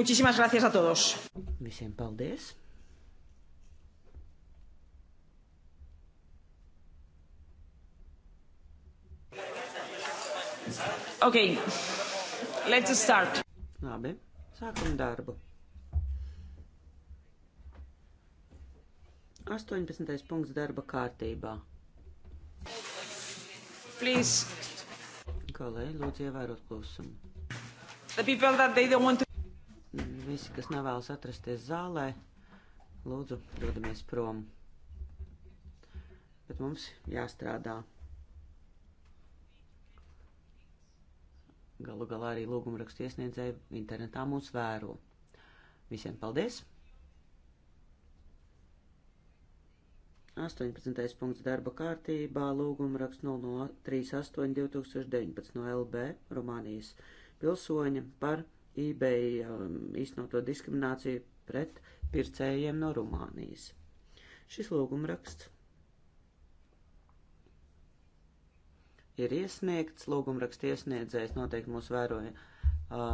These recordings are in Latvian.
Muchísimas gracias a todos. Visiem paldies. Ok, let's start. Labi, sākam darbu. 18. punkts darba kārtībā. Please. Kolēģi, lūdzu ievērot klusumu. The people that they don't want to Visi, kas nevēlas atrasties zālē, lūdzu, dodamies prom. Bet mums jāstrādā. Galu galā arī lūgumrakstu iesniedzēji internetā mūs vēro. Visiem paldies! 18. punkts darba kārtībā lūgumraksts 0038 2019 no LB Rumānijas pilsoņa par eBay um, īstenoto diskrimināciju pret pircējiem no Rumānijas. Šis lūgumraksts ir iesniegts, lūgumraksta iesniedzējs noteikti mūs vēroja uh,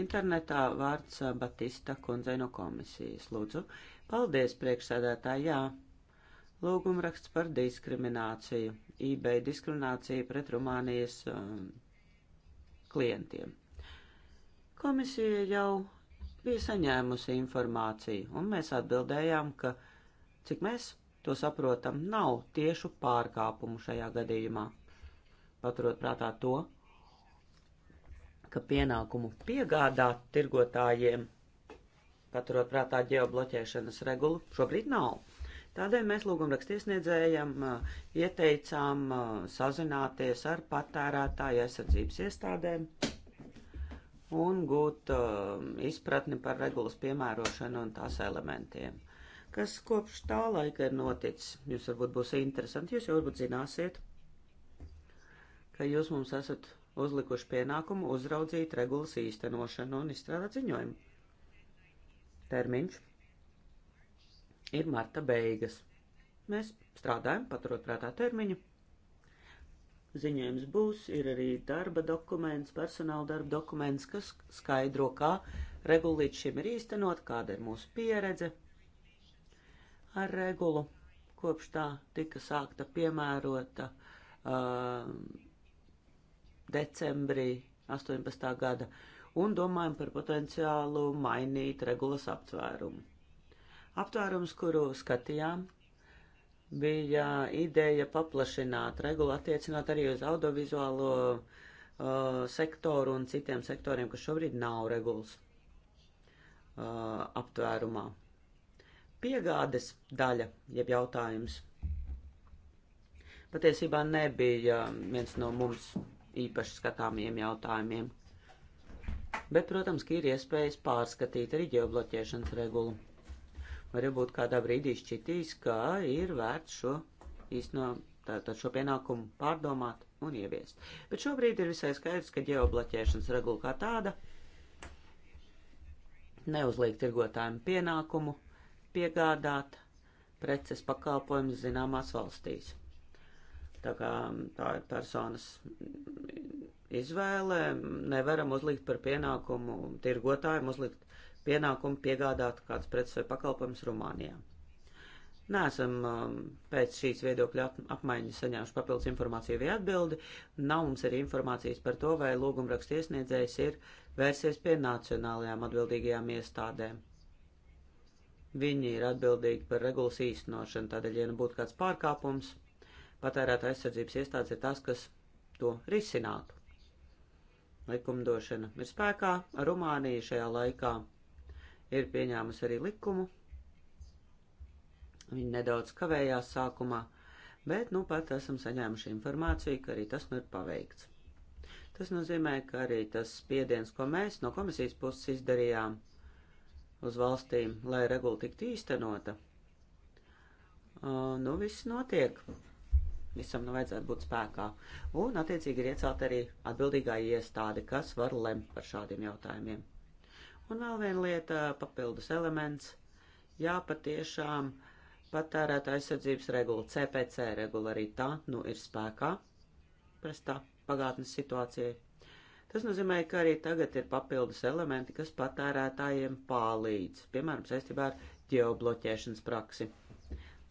internetā vārds uh, Batista kundze no komisijas. Lūdzu, paldies priekšsēdētā, jā. Lūgumraksts par diskrimināciju, eBay diskrimināciju pret Rumānijas um, klientiem. Komisija jau bija saņēmusi informāciju, un mēs atbildējām, ka, cik mēs to saprotam, nav tiešu pārkāpumu šajā gadījumā. Paturot prātā to, ka pienākumu piegādāt tirgotājiem, paturot prātā ģeobloķēšanas regulu, šobrīd nav. Tādēļ mēs lūgumrakstiesniedzējam uh, ieteicām uh, sazināties ar patērētāju aizsardzības iestādēm un gūt uh, izpratni par regulas piemērošanu un tās elementiem. Kas kopš tā laika ir noticis? Jūs varbūt būs interesanti, jūs jau varbūt zināsiet, ka jūs mums esat uzlikuši pienākumu uzraudzīt regulas īstenošanu un izstrādāt ziņojumu. Termiņš ir marta beigas. Mēs strādājam, paturot prātā termiņu ziņojums būs, ir arī darba dokuments, personāla darba dokuments, kas skaidro, kā regula līdz šim ir īstenot, kāda ir mūsu pieredze ar regulu, kopš tā tika sākta piemērota uh, decembrī 18. gada, un domājam par potenciālu mainīt regulas aptvērumu. Aptvērums, kuru skatījām, bija ideja paplašināt regulu attiecinot arī uz audiovizuālo uh, sektoru un citiem sektoriem, kas šobrīd nav regulas uh, aptvērumā. Piegādes daļa, jeb jautājums, patiesībā nebija viens no mums īpaši skatāmiem jautājumiem. Bet, protams, ka ir iespējas pārskatīt arī ģeobloķēšanas regulu varbūt kādā brīdī šķitīs, ka ir vērts šo īsteno, tātad šo pienākumu pārdomāt un ieviest. Bet šobrīd ir visai skaidrs, ka ģeobloķēšanas regula kā tāda neuzliek tirgotājiem pienākumu piegādāt preces pakalpojumus zināmās valstīs. Tā kā mm, tā ir personas izvēle, nevaram uzlikt par pienākumu tirgotājiem uzlikt pienākumu piegādāt kādus preces vai pakalpojumus Rumānijā. Nesam um, pēc šīs viedokļa apmaiņas saņēmuši papildus informāciju vai atbildi. Nav mums arī informācijas par to, vai lūgumraksta iesniedzējs ir vērsies pie nacionālajām atbildīgajām iestādēm. Viņi ir atbildīgi par regulas īstenošanu, tādēļ, ja nu būtu kāds pārkāpums, patērēta aizsardzības iestādes ir tas, kas to risinātu. Likumdošana ir spēkā, Rumānija šajā laikā ir pieņēmusi arī likumu. Viņi nedaudz kavējās sākumā, bet nu pat esam saņēmuši informāciju, ka arī tas nu ir paveikts. Tas nozīmē, ka arī tas spiediens, ko mēs no komisijas puses izdarījām uz valstīm, lai regula tiktu īstenota, nu viss notiek. Visam nu vajadzētu būt spēkā. Un, attiecīgi, ir iecelt arī atbildīgā iestāde, kas var lemt par šādiem jautājumiem. Un vēl viena lieta, papildus elements. Jā, patiešām patērēta aizsardzības regula, CPC regula arī tā, nu ir spēkā prestā pagātnes situācijai. Tas nozīmē, ka arī tagad ir papildus elementi, kas patērētājiem palīdz, piemēram, saistībā ar ģeobloķēšanas praksi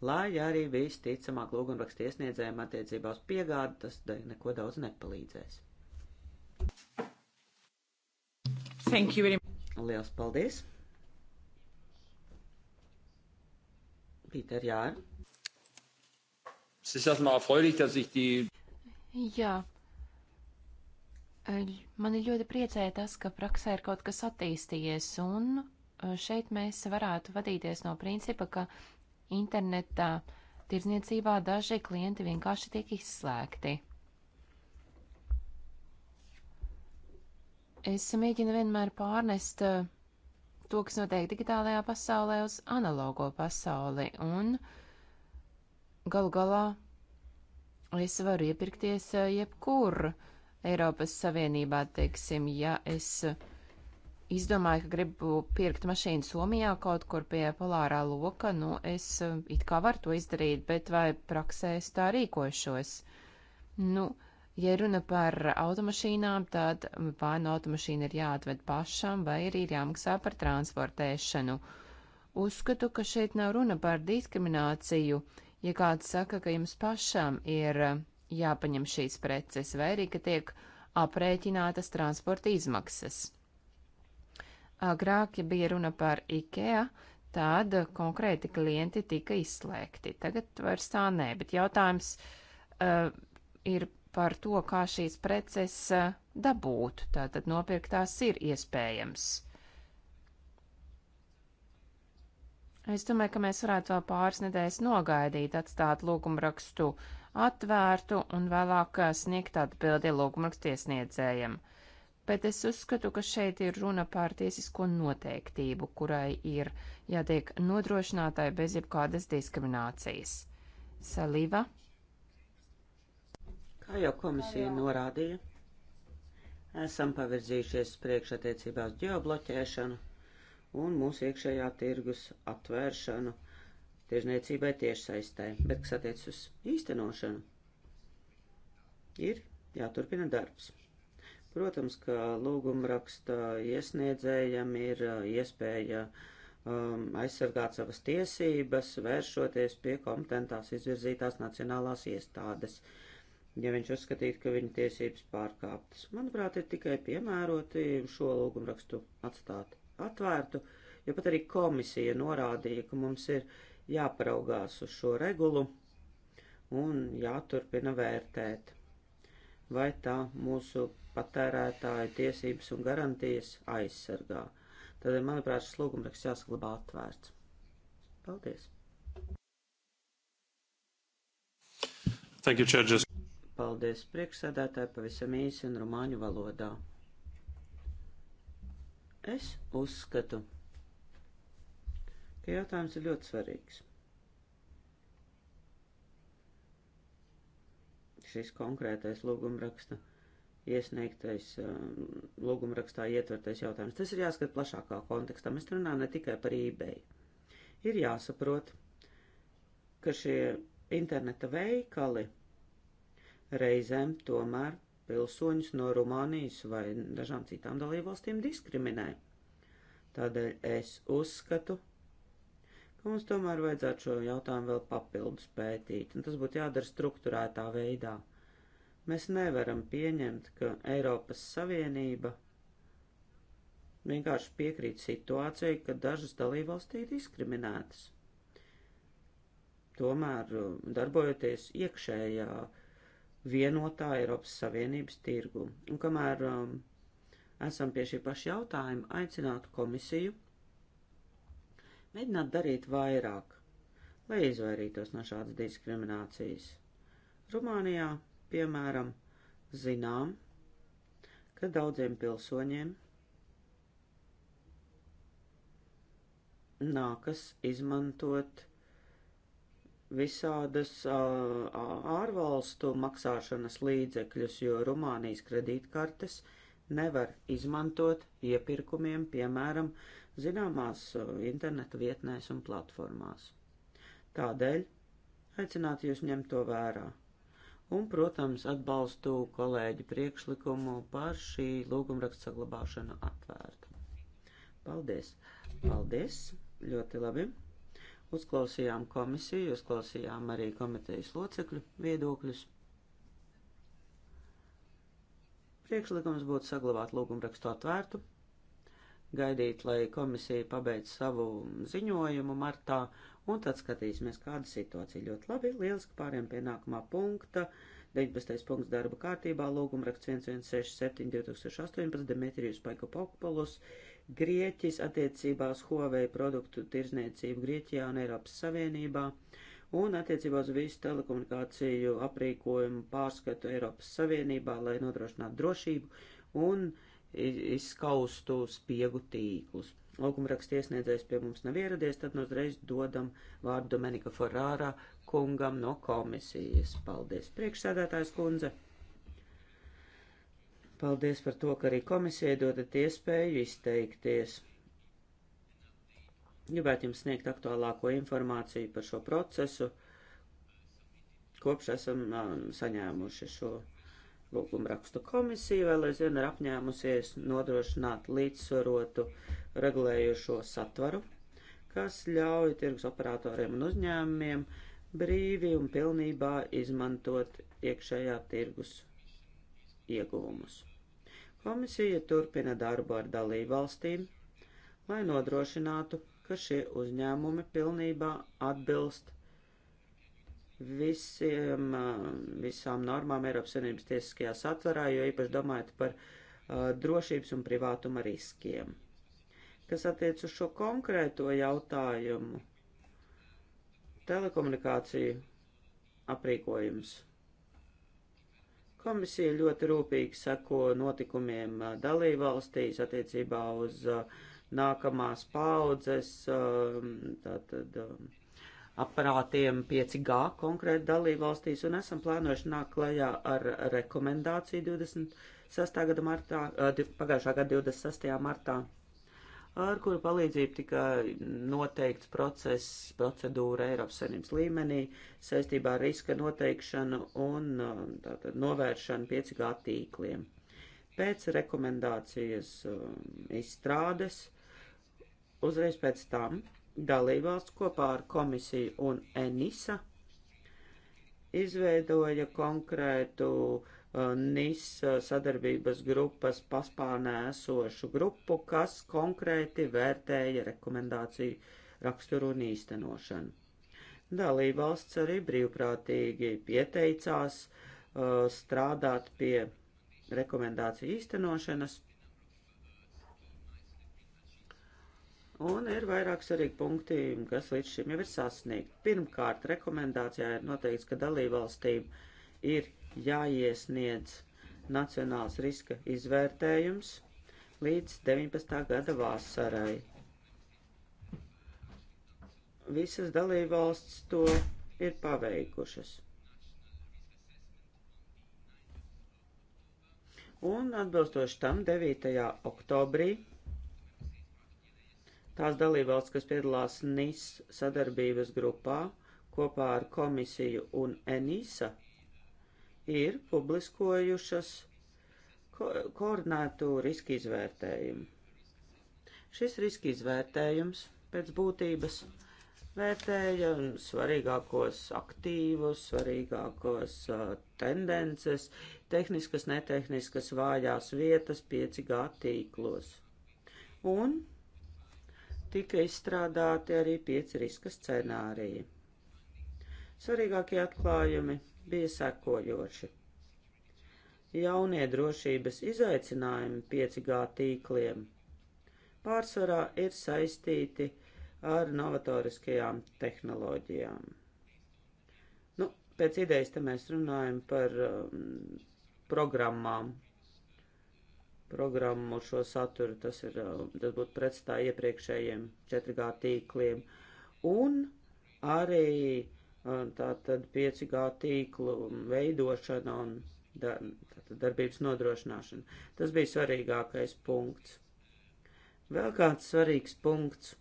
lai arī visticamāk lūgumraksta iesniedzējiem attiecībā uz piegādi tas neko daudz nepalīdzēs. Liels paldies! Pīter, jā. Es esmu erstmal erfreulich, dass ich die. Jā. Mani ļoti priecēja tas, ka praksē ir kaut kas attīstījies, un e, šeit mēs varētu vadīties no principa, ka internetā tirdzniecībā daži klienti vienkārši tiek izslēgti. Es mēģinu vienmēr pārnest eh, to, kas notiek digitālajā pasaulē, uz analogo pasauli, un galu galā es varu iepirkties eh, jebkur Eiropas Savienībā, teiksim, ja es izdomāju, ka gribu pirkt mašīnu Somijā kaut kur pie polārā loka, nu es eh, it kā varu to izdarīt, bet vai praksē es tā rīkošos? Nu, uh, Ja runa par automašīnām, tad vai no automašīna ir jāatved pašam, vai arī ir jāmaksā par transportēšanu. Uzskatu, ka šeit nav runa par diskrimināciju. Ja kāds saka, ka jums pašam ir jāpaņem šīs preces, vai arī, ka tiek aprēķinātas transporta izmaksas. Agrāk, ja bija runa par IKEA, tad konkrēti klienti tika izslēgti. Tagad vairs tā nē, bet jautājums uh, ir par to, kā šīs preces dabūt. Tātad nopirkt tās ir iespējams. Es domāju, ka mēs varētu vēl pāris nedēļas nogaidīt, atstāt lūgumrakstu atvērtu un vēlāk sniegt atbildi lūgumrakstu iesniedzējiem. Bet es uzskatu, ka šeit ir runa par tiesisko noteiktību, kurai ir jātiek nodrošinātai bez jebkādas diskriminācijas. Salīva. Kā jau komisija norādīja, esam pavirzījušies priekš attiecībā uz ģeobloķēšanu un mūsu iekšējā tirgus atvēršanu tirzniecībai tiešsaistē, bet kas attiec uz īstenošanu, ir jāturpina darbs. Protams, ka lūgumraksta iesniedzējam ir uh, iespēja um, aizsargāt savas tiesības, vēršoties pie kompetentās izvirzītās nacionālās iestādes. Uh, ja viņš uzskatītu, ka viņa tiesības pārkāptas. Manuprāt, ir tikai piemēroti šo lūgumrakstu atstāt atvērtu, jo pat arī komisija norādīja, ka mums ir jāparaugās uz šo regulu un jāturpina vērtēt, vai tā mūsu patērētāju tiesības un garantijas aizsargā. Tad, manuprāt, šis lūgumraksts jāsaglabā atvērts. Paldies! Thank you, Chair. Paldies priekšsēdētāji pavisam īsi un rumāņu valodā. Es uzskatu, ka jautājums ir ļoti svarīgs. Šis konkrētais lūgumraksta iesniegtais, um, lūgumrakstā ietvertais jautājums, tas ir jāskat plašākā kontekstā. Mēs runājam ne tikai par eBay. Ir jāsaprot, ka šie interneta veikali – reizēm tomēr pilsoņus no Rumānijas vai dažām citām dalībvalstīm diskriminē. Tādēļ es uzskatu, ka mums tomēr vajadzētu šo jautājumu vēl papildus pētīt, un tas būtu jādara struktūrētā veidā. Mēs nevaram pieņemt, ka Eiropas Savienība vienkārši piekrīt situācijai, ka dažas dalībvalstī ir diskriminētas. Tomēr, um, darbojoties iekšējā uh, vienotā Eiropas Savienības tirgu. Un kamēr um, esam pie šī paša jautājuma, aicinātu komisiju mēģināt darīt vairāk, lai izvairītos no šādas diskriminācijas. Rumānijā, piemēram, zinām, ka daudziem pilsoņiem nākas izmantot visādas ārvalstu maksāšanas līdzekļus, jo Rumānijas kredītkartes nevar izmantot iepirkumiem, piemēram, zināmās interneta vietnēs un platformās. Tādēļ aicinātu jūs ņemt to vērā. Un, protams, atbalstu kolēģi priekšlikumu par šī lūgumraksta saglabāšanu atvērtu. Paldies! Paldies! Ļoti labi! Uzklausījām komisiju, uzklausījām arī komitejas locekļu viedokļus. Priekšlikums būtu saglabāt lūgumrakstu atvērtu, gaidīt, lai komisija pabeidz savu ziņojumu martā, un tad skatīsimies, kāda situācija ļoti labi. Lieliski pāriem pie nākamā punkta. 19. punkts darba kārtībā lūgumraksts 1167 2018 Demetrijus Paikopopolus. Paiko Grieķis attiecībās Huawei produktu tirzniecību Grieķijā un Eiropas Savienībā un attiecībā uz visu telekomunikāciju aprīkojumu pārskatu Eiropas Savienībā, lai nodrošinātu drošību un izskaustu spiegu tīklus. Lūgumraksta iesniedzējs pie mums nav ieradies, tad nu uzreiz dodam vārdu Domenika Ferrārā kungam no komisijas. Paldies, priekšsēdētājs kundze! Paldies par to, ka arī komisijai dodat iespēju izteikties. Gribētu jums sniegt aktuālāko informāciju par šo procesu, kopš esam um, saņēmuši šo lūgumu rakstu komisiju, vēl aizvien ir apņēmusies nodrošināt līdzsvarotu regulējošo satvaru, kas ļauj tirgus operatoriem un uzņēmumiem brīvi un pilnībā izmantot iekšējā tirgus ieguvumus. Komisija turpina darbu ar dalību valstīm, lai nodrošinātu, ka šie uzņēmumi pilnībā atbilst visiem, eh, visām normām Eiropas Savienības tiesiskajā satvarā, jo īpaši domājot par uh, drošības un privātuma riskiem. Kas attiec uz šo konkrēto jautājumu, telekomunikāciju aprīkojums Komisija ļoti rūpīgi seko notikumiem dalībvalstīs attiecībā uz nākamās paudzes tātad, aparātiem 5G konkrēti dalībvalstīs un esam plānojuši nākt klajā ar rekomendāciju 26. gada martā, pagājušā gada 26. martā ar kuru palīdzību tika noteikts process, procedūra Eiropas Savienības līmenī saistībā ar riska noteikšanu un um, tātad, novēršanu 5G tīkliem. Pēc rekomendācijas um, izstrādes uzreiz pēc tam dalībvalsts kopā ar komisiju un ENISA izveidoja konkrētu uh, NIS sadarbības grupas paspārnē esošu grupu, kas konkrēti vērtēja rekomendāciju raksturu un īstenošanu. Dalībvalsts arī brīvprātīgi pieteicās uh, strādāt pie rekomendāciju īstenošanas. Un ir vairāk svarīgi punkti, kas līdz šim jau ir sasniegti. Pirmkārt, rekomendācijā ir noteikts, ka dalībvalstīm ir jāiesniedz nacionāls riska izvērtējums līdz 19. gada vasarai. Visas dalībvalsts to ir paveikušas. Un atbilstoši tam 9. oktobrī tās dalībvalsts, kas piedalās NIS sadarbības grupā kopā ar komisiju un ENISA, ir publiskojušas ko koordinētu riska izvērtējumu. Šis riska izvērtējums pēc būtības vērtēja svarīgākos aktīvus, svarīgākos uh, tendences, tehniskas, netehniskas vājās vietas 5G tīklos. Un tika izstrādāti arī pieci riska scenāriji. Svarīgākie atklājumi bija sekojoši. Jaunie drošības izaicinājumi 5G tīkliem pārsvarā ir saistīti ar novatoriskajām tehnoloģijām. Nu, pēc idejas te mēs runājam par um, programmām, programmu šo saturu, tas, ir, uh, tas būtu pretstā iepriekšējiem 4G tīkliem, un arī uh, tātad 5G tīklu veidošana un darbības nodrošināšana. Tas bija svarīgākais punkts. Vēl kāds svarīgs punkts,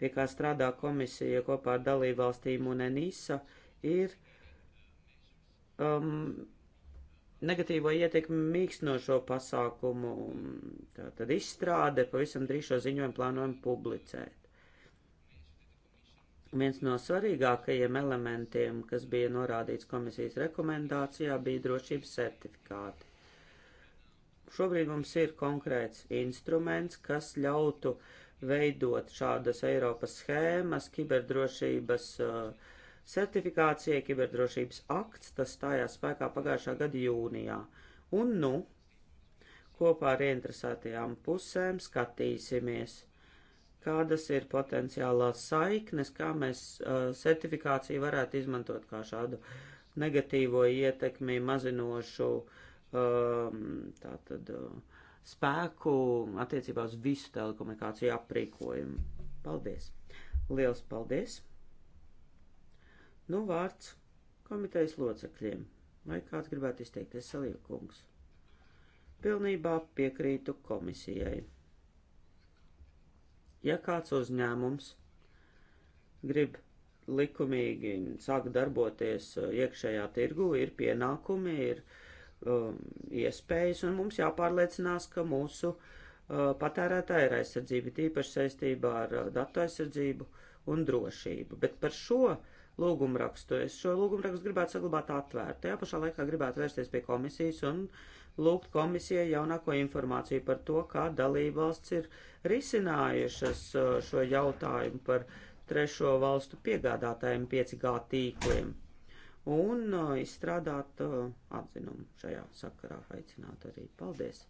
pie kā strādā komisija kopā ar dalībvalstīm un ENISA, ir um, negatīvo ietekmi mīkstinošo pasākumu. Tātad izstrāde pavisam drīz šo ziņojumu plānojam publicēt. Viens no svarīgākajiem elementiem, kas bija norādīts komisijas rekomendācijā, bija drošības certifikāti. Šobrīd mums ir konkrēts instruments, kas ļautu veidot šādas Eiropas schēmas kiberdrošības uh, certifikācijai, kiberdrošības akts, tas stājās spēkā pagājušā gada jūnijā. Un nu, kopā ar ieinteresētajām pusēm skatīsimies kādas ir potenciālās saiknes, kā mēs uh, certifikāciju varētu izmantot kā šādu negatīvo ietekmi mazinošu um, tātad, uh, spēku attiecībā uz visu telekomunikāciju aprīkojumu. Paldies! Liels paldies! Nu, vārds komitejas locekļiem. Vai kāds gribētu izteikties, Salīkungs? Pilnībā piekrītu komisijai. Ja kāds uzņēmums grib likumīgi sākt darboties uh, iekšējā tirgu, ir pienākumi, ir um, iespējas, un mums jāpārliecinās, ka mūsu uh, patērētāja ir aizsardzība, tīpaši saistībā ar uh, datu aizsardzību un drošību. Bet par šo lūgumrakstu es šo lūgumrakstu gribētu saglabāt atvērtu. Tajā pašā laikā gribētu vērsties pie komisijas un lūgt komisijai jaunāko informāciju par to, kā dalībvalsts ir risinājušas uh, šo jautājumu par trešo valstu piegādātājiem 5G tīkliem un uh, izstrādāt uh, atzinumu šajā sakarā aicināt arī. Paldies,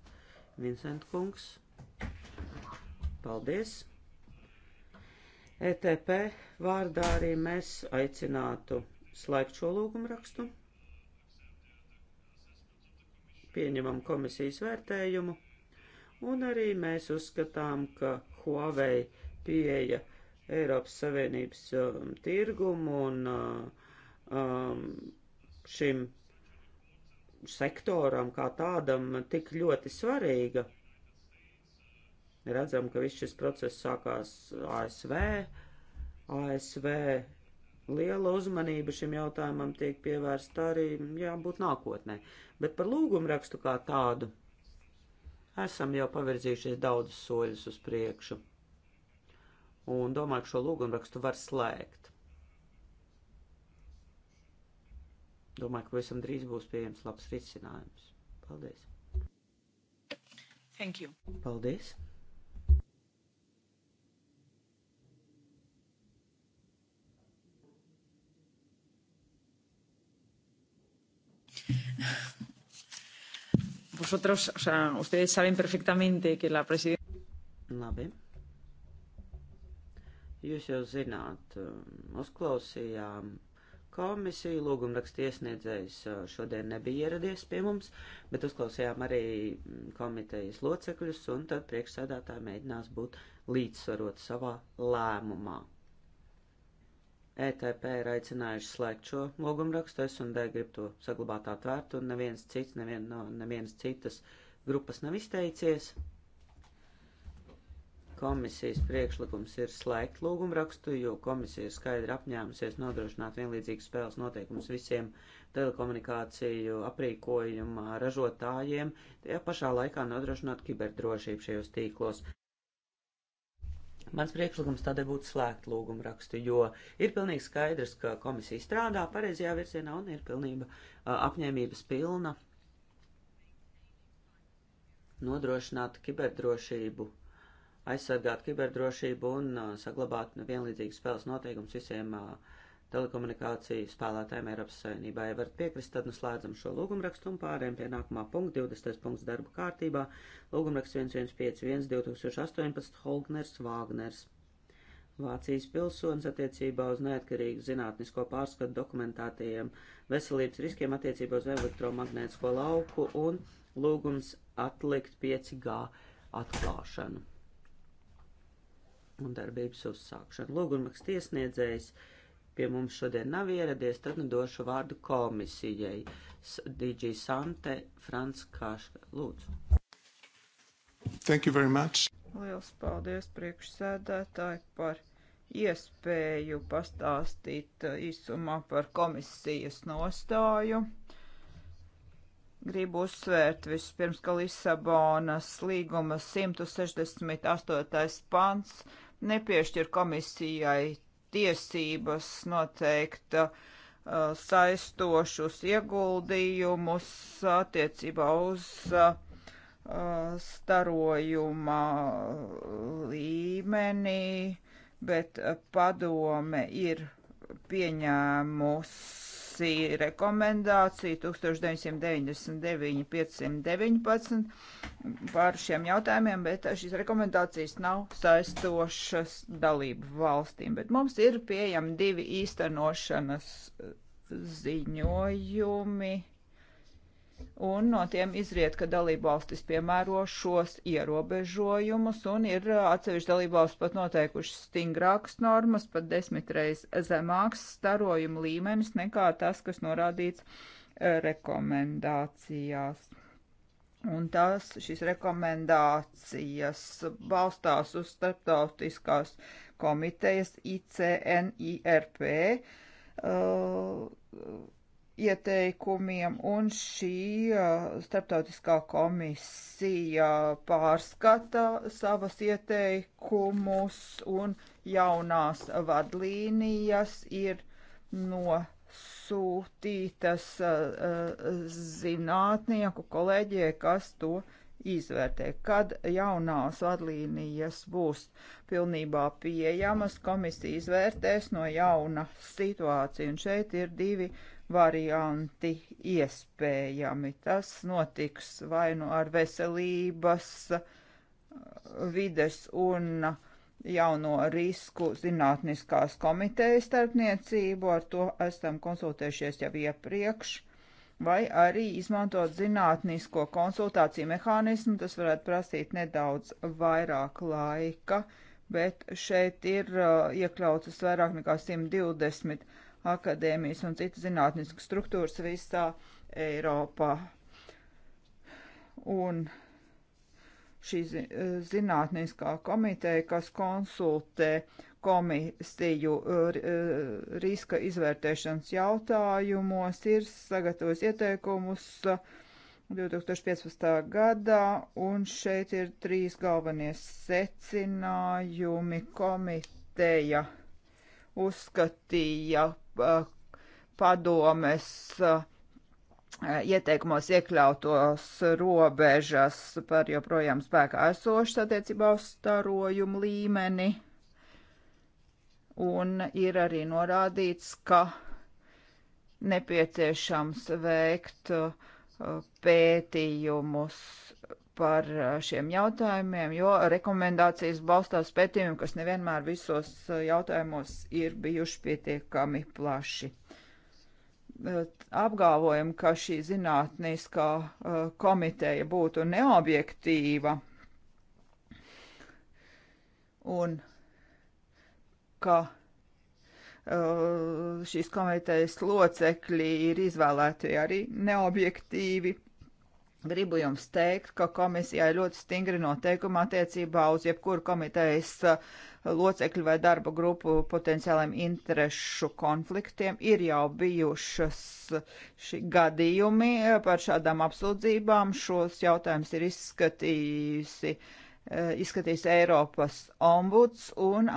Vincent kungs. Paldies. ETP vārdā arī mēs aicinātu slēgt šo lūgumu rakstu pieņemam komisijas vērtējumu, un arī mēs uzskatām, ka Huawei pieeja Eiropas Savienības um, tirgumu un uh, um, šim sektoram kā tādam tik ļoti svarīga. Redzam, ka viss šis process sākās ASV. ASV liela uzmanība šim jautājumam tiek pievērsta arī jābūt nākotnē. Bet par lūgumu rakstu kā tādu esam jau pavirzījušies daudzus soļus uz priekšu. Un domāju, ka šo lūgumu rakstu var slēgt. Domāju, ka visam drīz būs pieejams labs risinājums. Paldies! Thank you. Paldies! Vosotros, o sea, ustedes saben perfectamente que la presidenta. Labi. Jūs jau zināt, mm, uzklausījām komisiju, lūgumraksta iesniedzējs eh, šodien nebija ieradies pie mums, bet uzklausījām arī mm, komitejas locekļus, un tad priekšsēdētāji mēģinās būt līdzsvarot savā lēmumā. ETP ir aicinājuši slēgt šo logumrakstu, SND grib to saglabāt atvērtu, un neviens cits, nevien, no nevienas citas grupas nav izteicies. Komisijas priekšlikums ir slēgt lūgumrakstu, jo komisija ir skaidri apņēmusies nodrošināt vienlīdzīgas spēles noteikumus visiem telekomunikāciju aprīkojuma ražotājiem, tajā pašā laikā nodrošināt kiberdrošību šajos tīklos. Mans priekšlikums tādēļ būtu slēgt lūgumu rakstu, jo ir pilnīgi skaidrs, ka komisija strādā pareizajā virzienā un ir pilnība apņēmības pilna nodrošināt kiberdrošību, aizsargāt kiberdrošību un saglabāt vienlīdzīgas spēles noteikums visiem uh, telekomunikāciju spēlētājiem Eiropas Savienībā. Ja varat piekrist, tad nu slēdzam šo lūgumrakstu un pārējiem pie nākamā punkta, 20. punkts darba kārtībā, lūgumraksts 1151 2018 Holgners Vāgners. Vācijas pilsonis attiecībā uz neatkarīgu zinātnisko pārskatu dokumentētajiem veselības riskiem attiecībā uz elektromagnētisko lauku un lūgums atlikt 5G atklāšanu un darbības uzsākšanu. Lūgumraksts iesniedzējs pie mums šodien nav ieradies, tad nu došu vārdu komisijai. DG Sante, Frans Kāška, lūdzu. Thank you very much. Liels paldies priekšsēdētāji par iespēju pastāstīt uh, īsumā par komisijas nostāju. Gribu uzsvērt vispirms, ka Lisabonas līguma 168. pants nepiešķir komisijai tiesības noteikt uh, saistošus ieguldījumus attiecībā uz uh, starojuma uh, līmenī, bet uh, padome ir pieņēmusi komisija rekomendāciju 1999-519 par šiem jautājumiem, bet šīs rekomendācijas nav saistošas dalību valstīm. Bet mums ir pieejami divi īstenošanas ziņojumi un no tiem izriet, ka dalībvalstis piemēro šos ierobežojumus, un ir uh, atsevišķi dalībvalstis pat noteikuši stingrākas normas, pat desmitreiz zemāks starojuma līmenis nekā tas, kas norādīts uh, rekomendācijās. Un tās šīs rekomendācijas balstās uz starptautiskās komitejas ICNIRP uh, ieteikumiem, un šī uh, starptautiskā komisija pārskata savas ieteikumus, un jaunās vadlīnijas ir nosūtītas uh, uh, zinātnieku kolēģijai, kas to izvērtē. Kad jaunās vadlīnijas būs pilnībā pieejamas, komisija izvērtēs no jauna situāciju, un šeit ir divi uh, varianti iespējami. Tas notiks vai nu ar veselības, uh, vides un jauno risku zinātniskās komitejas starpniecību, ar to esam konsultējušies jau iepriekš, vai arī izmantot zinātnisko konsultāciju mehānismu, tas varētu prasīt nedaudz vairāk laika, bet šeit ir uh, iekļautas vairāk nekā 120 akadēmijas un citas zinātniskas struktūras visā Eiropā. Un šī eh, zinātniskā komiteja, kas konsultē komisiju eh, riska izvērtēšanas jautājumos, ir sagatavojis ieteikumus 2015. Eh, gadā, un šeit ir trīs galvenie secinājumi komiteja uzskatīja padomes ieteikumos iekļautos robežas par joprojām spēkā esošas attiecībā uz starojumu līmeni. Un ir arī norādīts, ka nepieciešams veikt pētījumus par šiem jautājumiem, jo rekomendācijas balstās pētījumiem, kas nevienmēr visos jautājumos ir bijuši pietiekami plaši. Apgalvojam, ka šī zinātniskā komiteja būtu neobjektīva un ka šīs komitejas locekļi ir izvēlēti arī neobjektīvi Gribu jums teikt, ka komisijai ļoti stingri noteikumi attiecībā uz jebkuru komitejas uh, locekļu vai darba grupu potenciāliem interešu konfliktiem ir jau bijušas uh, šī gadījumi uh, par šādām apsūdzībām. Šos jautājumus ir izskatījusi, izskatījis Eiropas ombuds un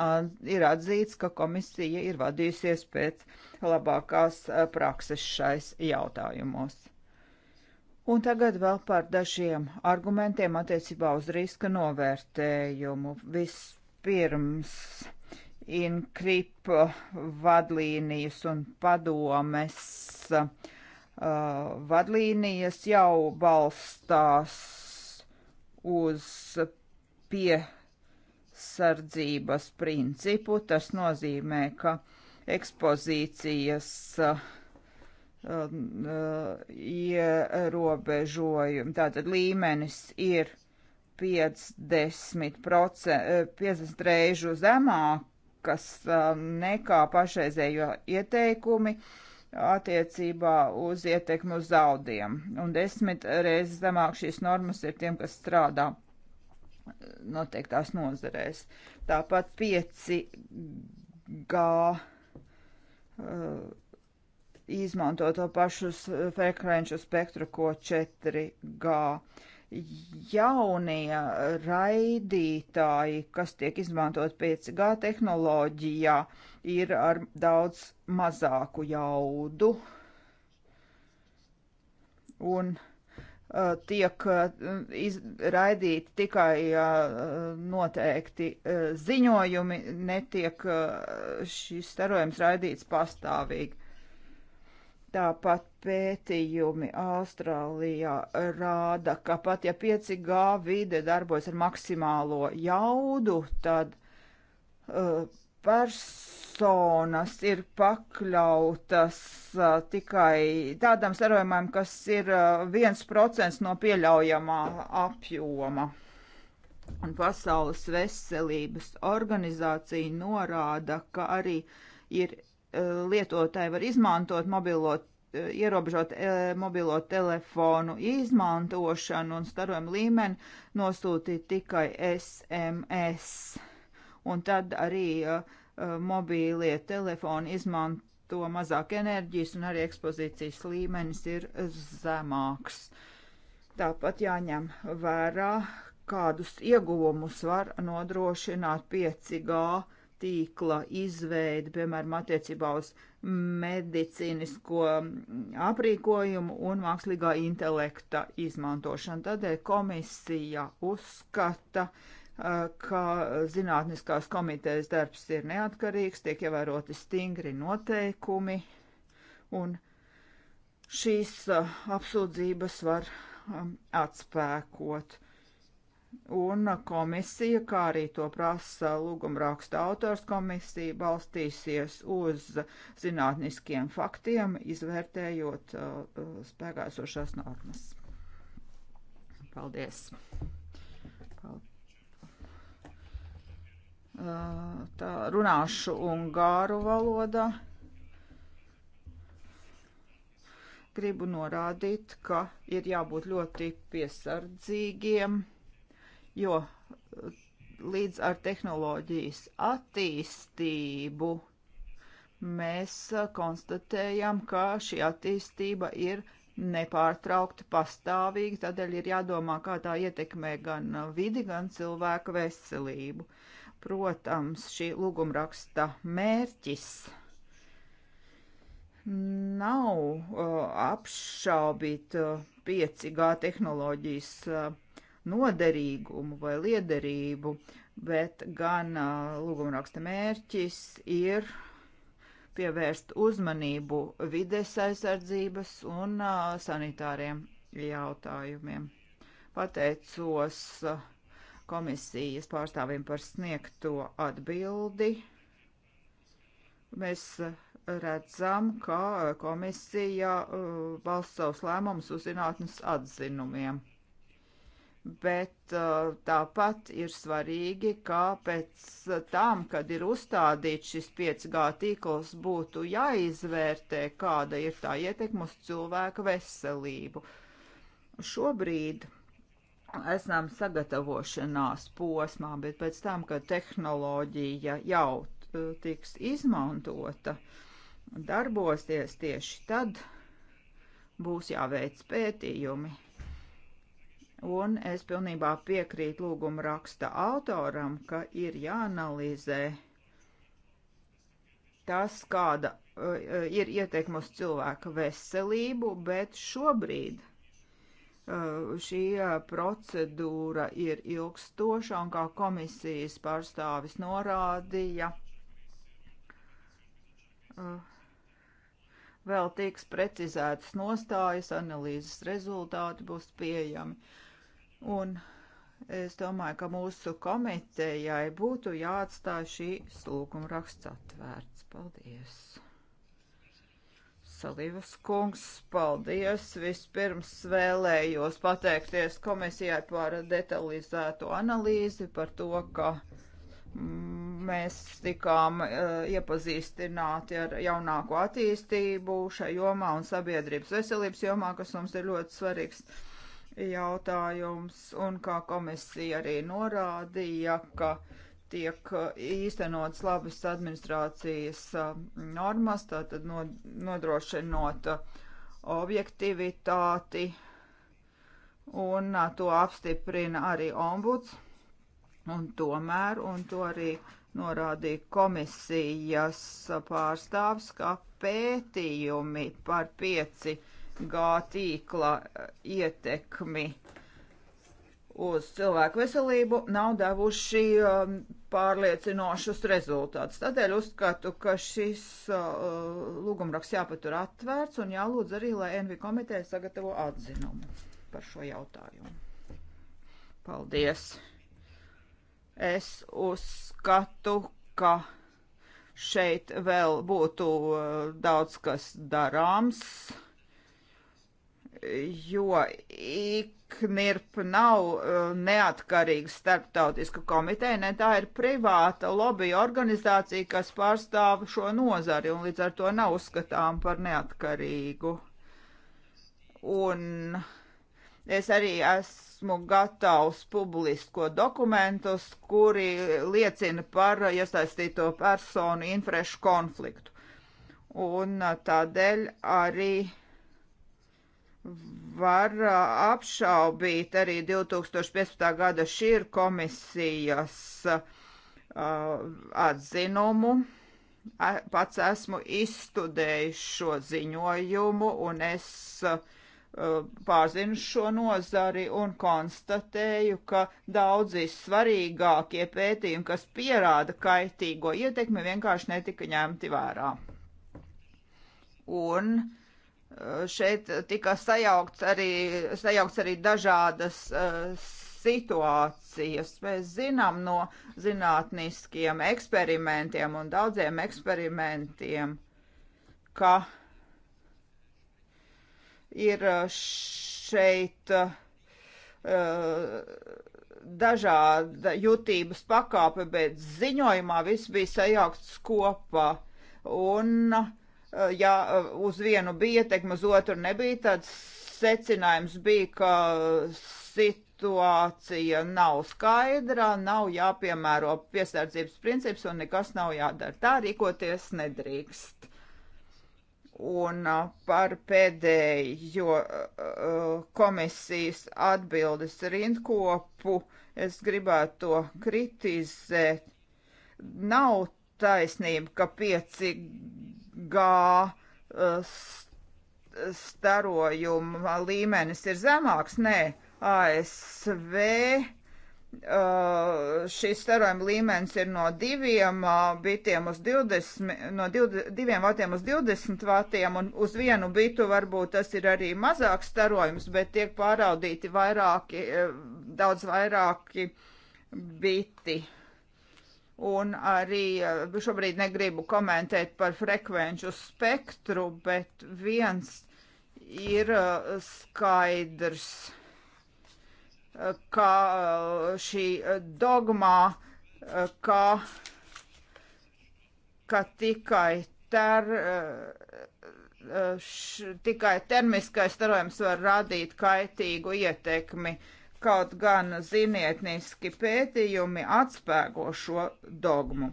ir atzīts, ka komisija ir vadījusies pēc labākās prakses šais jautājumos. Un tagad vēl par dažiem argumentiem attiecībā uz riska novērtējumu. Vispirms INCRIP vadlīnijas un padomes uh, vadlīnijas jau balstās uz piesardzības principu. Tas nozīmē, ka ekspozīcijas uh, Um, uh, ierobežojumi. Tātad līmenis ir 50%, 50 uh, reižu zemākas um, nekā pašreizējo ieteikumi attiecībā uz ietekmu uz zaudiem. Un desmit reizes zemāk šīs normas ir tiem, kas strādā noteiktās nozarēs. Tāpat 5G uh, izmanto to pašu eh, frekvenču spektru, ko 4G. Jaunie eh, raidītāji, kas tiek izmantot 5G tehnoloģijā, ir ar daudz mazāku jaudu un uh, tiek uh, iz, raidīti tikai uh, noteikti ziņojumi, netiek šis starojums raidīts pastāvīgi Tāpat pētījumi Austrālijā rāda, ka pat ja 5G vide darbojas ar maksimālo jaudu, tad uh, personas ir pakļautas uh, tikai tādam starojumam, kas ir uh, 1% no pieļaujamā apjoma. Un Pasaules veselības organizācija norāda, ka arī ir lietotāji var izmantot mobilo, eh, ierobežot eh, mobilo telefonu izmantošanu un starojumu līmeni nosūtīt tikai SMS. Un tad arī eh, mobīlie telefoni izmanto mazāk enerģijas un arī ekspozīcijas līmenis ir zemāks. Tāpat jāņem vērā, kādus ieguvumus var nodrošināt 5G tīkla izveidi, piemēram, attiecībā uz medicīnisko aprīkojumu un mākslīgā intelekta izmantošanu. Tādēļ komisija uzskata, ka zinātniskās komitejas darbs ir neatkarīgs, tiek ievēroti stingri noteikumi, un šīs apsūdzības var atspēkot un komisija, kā arī to prasa lūgumraksta autors komisija, balstīsies uz zinātniskiem faktiem, izvērtējot uh, uh spēkāsošās normas. Paldies! Paldies. Uh, tā runāšu ungāru valodā. Gribu norādīt, ka ir jābūt ļoti piesardzīgiem jo līdz ar tehnoloģijas attīstību mēs konstatējam, ka šī attīstība ir nepārtraukti pastāvīgi, tādēļ ir jādomā, kā tā ietekmē gan vidi, gan cilvēku veselību. Protams, šī lūgumraksta mērķis nav uh, apšaubīt uh, 5G tehnoloģijas uh, noderīgumu vai liederību, bet gan lūgumraksta mērķis ir pievērst uzmanību vides aizsardzības un sanitāriem jautājumiem. Pateicos komisijas pārstāvim par sniegto atbildi. Mēs redzam, ka komisija balsts savus lēmumus uz zinātnes atzinumiem bet uh, tāpat ir svarīgi, ka pēc tam, kad ir uzstādīts šis 5G tīkls, būtu jāizvērtē, kāda ir tā ietekme uz cilvēka veselību. Šobrīd esam sagatavošanās posmā, bet pēc tam, kad tehnoloģija jau uh, tiks izmantota, darbosies tieši tad būs jāveic pētījumi Un es pilnībā piekrītu lūguma raksta autoram, ka ir jāanalizē tas, kāda uh, uh ir ietekme uz cilvēka veselību, bet šobrīd uh, šī uh, procedūra ir ilgstoša un kā komisijas pārstāvis norādīja. Uh, vēl tiks precizētas nostājas, analīzes rezultāti būs pieejami. Uh, Un es domāju, ka mūsu komitejai būtu jāatstāj šī slūguma raksts atvērts. Paldies! Salīvas kungs, paldies! Vispirms vēlējos pateikties komisijai par detalizēto analīzi, par to, ka mēs tikām uh, iepazīstināti ar jaunāko attīstību šajā jomā un sabiedrības veselības jomā, kas mums ir ļoti svarīgs. Uh, jautājums, un kā komisija arī norādīja, ka tiek īstenots labas administrācijas um, normas, tātad nodrošinot uh, objektivitāti, un uh, to apstiprina arī ombuds, un tomēr, un to arī norādīja komisijas uh, pārstāvs, ka pētījumi par pieci 5 5G tīkla eh, ietekmi uz cilvēku veselību nav devuši um, pārliecinošus rezultātus. Tādēļ uzskatu, ka šis uh, lūgumraksts jāpatur atvērts un jālūdz arī, lai NV komiteja sagatavo atzinumu par šo jautājumu. Paldies! Es uzskatu, ka šeit vēl būtu uh, daudz kas darāms jo IKNIRP nav uh, neatkarīga starptautiska komiteja, ne tā ir privāta lobby organizācija, kas pārstāv šo nozari un līdz ar to nav uzskatām par neatkarīgu. Un es arī esmu gatavs publisko dokumentus, kuri liecina par iesaistīto personu interešu konfliktu. Un uh, tādēļ arī uh, var uh, apšaubīt arī 2015. gada šīr komisijas uh, atzinumu. Pats esmu izstudējis šo ziņojumu un es uh, pārzinu šo nozari un konstatēju, ka daudzi svarīgākie pētījumi, kas pierāda kaitīgo ietekmi, vienkārši netika ņemti vērā. Un uh, šeit tika sajaukts arī, sajaukts arī dažādas uh, situācijas. Mēs zinām no zinātniskiem eksperimentiem un daudziem eksperimentiem, ka ir eh, šeit uh, dažāda jutības pakāpe, bet ziņojumā viss bija sajaukts kopā. Un uh, Eh, ja eh, uz vienu bija ietekme, uz otru nebija, tad secinājums bija, ka situācija nav skaidra, nav jāpiemēro piesardzības princips un nekas nav jādara. Tā rīkoties nedrīkst. Un eh, par pēdējo komisijas atbildes rindkopu es gribētu to kritizēt. Nav taisnība, ka 5G gā eh, starojuma līmenis ir zemāks. Nē, ASV eh, šis starojuma līmenis ir no 2 eh, bitiem uz 20, no 2 vatiem uz 20 vatiem, un uz vienu bitu varbūt tas ir arī mazāks starojums, bet tiek pāraudīti vairāki, daudz vairāki biti. Uh, Un arī eh, šobrīd negribu komentēt par frekvenču spektru, bet viens ir eh, skaidrs, eh, ka šī dogmā, ka, ka tikai ter, š, tikai termiskais starojums var radīt kaitīgu ietekmi uh, kaut gan zinietniski pētījumi atspēko šo dogmu.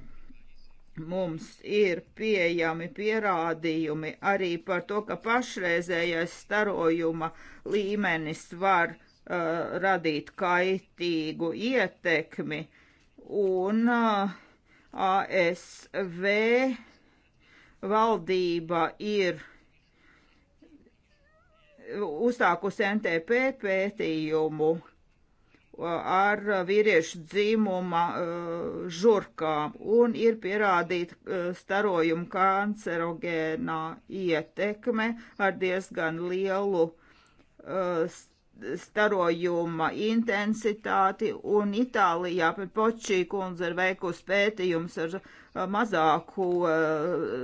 Mums ir pieejami pierādījumi arī par to, ka pašreizējais starojuma līmenis var uh, radīt kaitīgu ietekmi, un uh, ASV valdība ir uzsākusi NTP pētījumu ar vīriešu dzīmuma eh, žurkām un ir pierādīta eh, starojuma kancerogēnā ietekme ar diezgan lielu eh, starojuma intensitāti un Itālijā pēc Počī kundze ir veikusi pētījums ar mazāku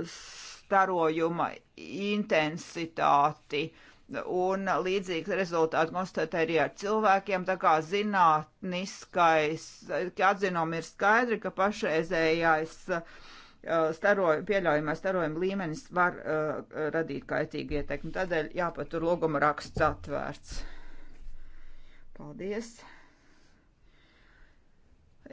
starojuma intensitāti. Uh, un līdzīgs rezultāts konstatē arī ar cilvēkiem, tā kā zinātniskais, ka atzinumi ir skaidri, ka pašreizējais uh, staroj, pieļaujamais starojuma līmenis var uh, radīt kaitīgu ietekmi. Tādēļ jāpatur loguma raksts atvērts. Paldies!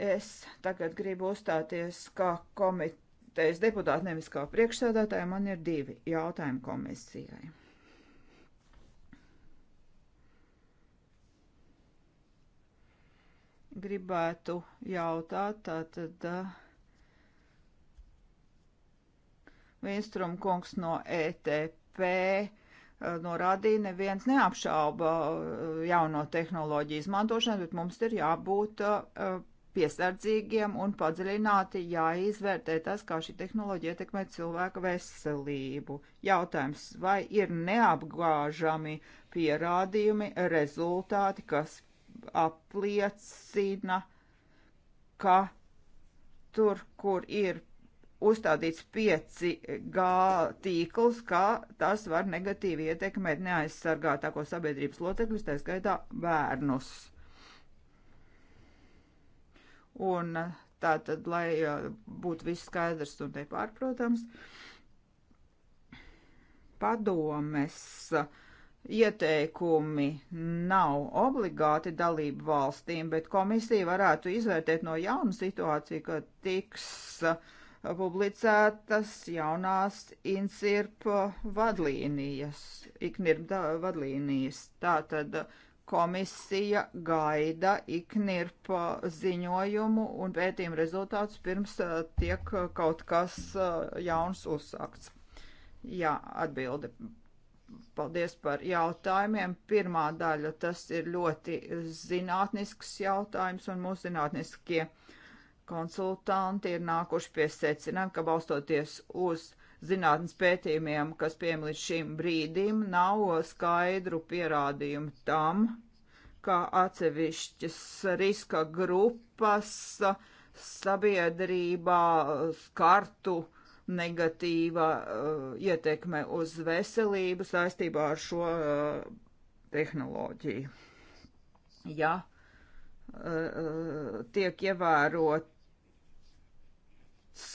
Es tagad gribu uzstāties kā komitejas deputāti, nevis kā priekšsēdētāji. Man ir divi jautājumi komisijai. gribētu jautāt, tātad eh, Vinstrum kungs no ETP eh, norādīja, neviens neapšauba eh, jauno tehnoloģiju izmantošanu, bet mums ir jābūt piesardzīgiem un padziļināti jāizvērtē tas, kā šī tehnoloģija ietekmē cilvēka veselību. Jautājums, vai ir neapgāžami pierādījumi, rezultāti, kas apliecina, ka tur, kur ir uzstādīts 5G tīkls, ka tas var negatīvi ietekmēt neaizsargātāko sabiedrības locekļus, tā skaitā bērnus. Un tā tad, lai būtu viss skaidrs un te pārprotams, padomes uh, Ieteikumi nav obligāti dalību valstīm, bet komisija varētu izvērtēt no jauna situāciju, ka tiks uh, publicētas jaunās INSIRP vadlīnijas, IKNIRP vadlīnijas. Tātad komisija gaida iknirp ziņojumu un pētījumu rezultātus pirms uh, tiek kaut kas uh, jauns uzsākts. Jā, atbildi. Paldies par jautājumiem. Pirmā daļa tas ir ļoti zinātnisks jautājums, un mūsu zinātniskie konsultanti ir nākuši pie secinājuma, ka balstoties uz zinātnes pētījumiem, kas piem līdz šim brīdim, nav skaidru pierādījumu tam, ka atsevišķas riska grupas sabiedrībā skartu uh, negatīva uh, ietekme uz veselību saistībā ar šo uh, tehnoloģiju. Ja uh, uh tiek ievērot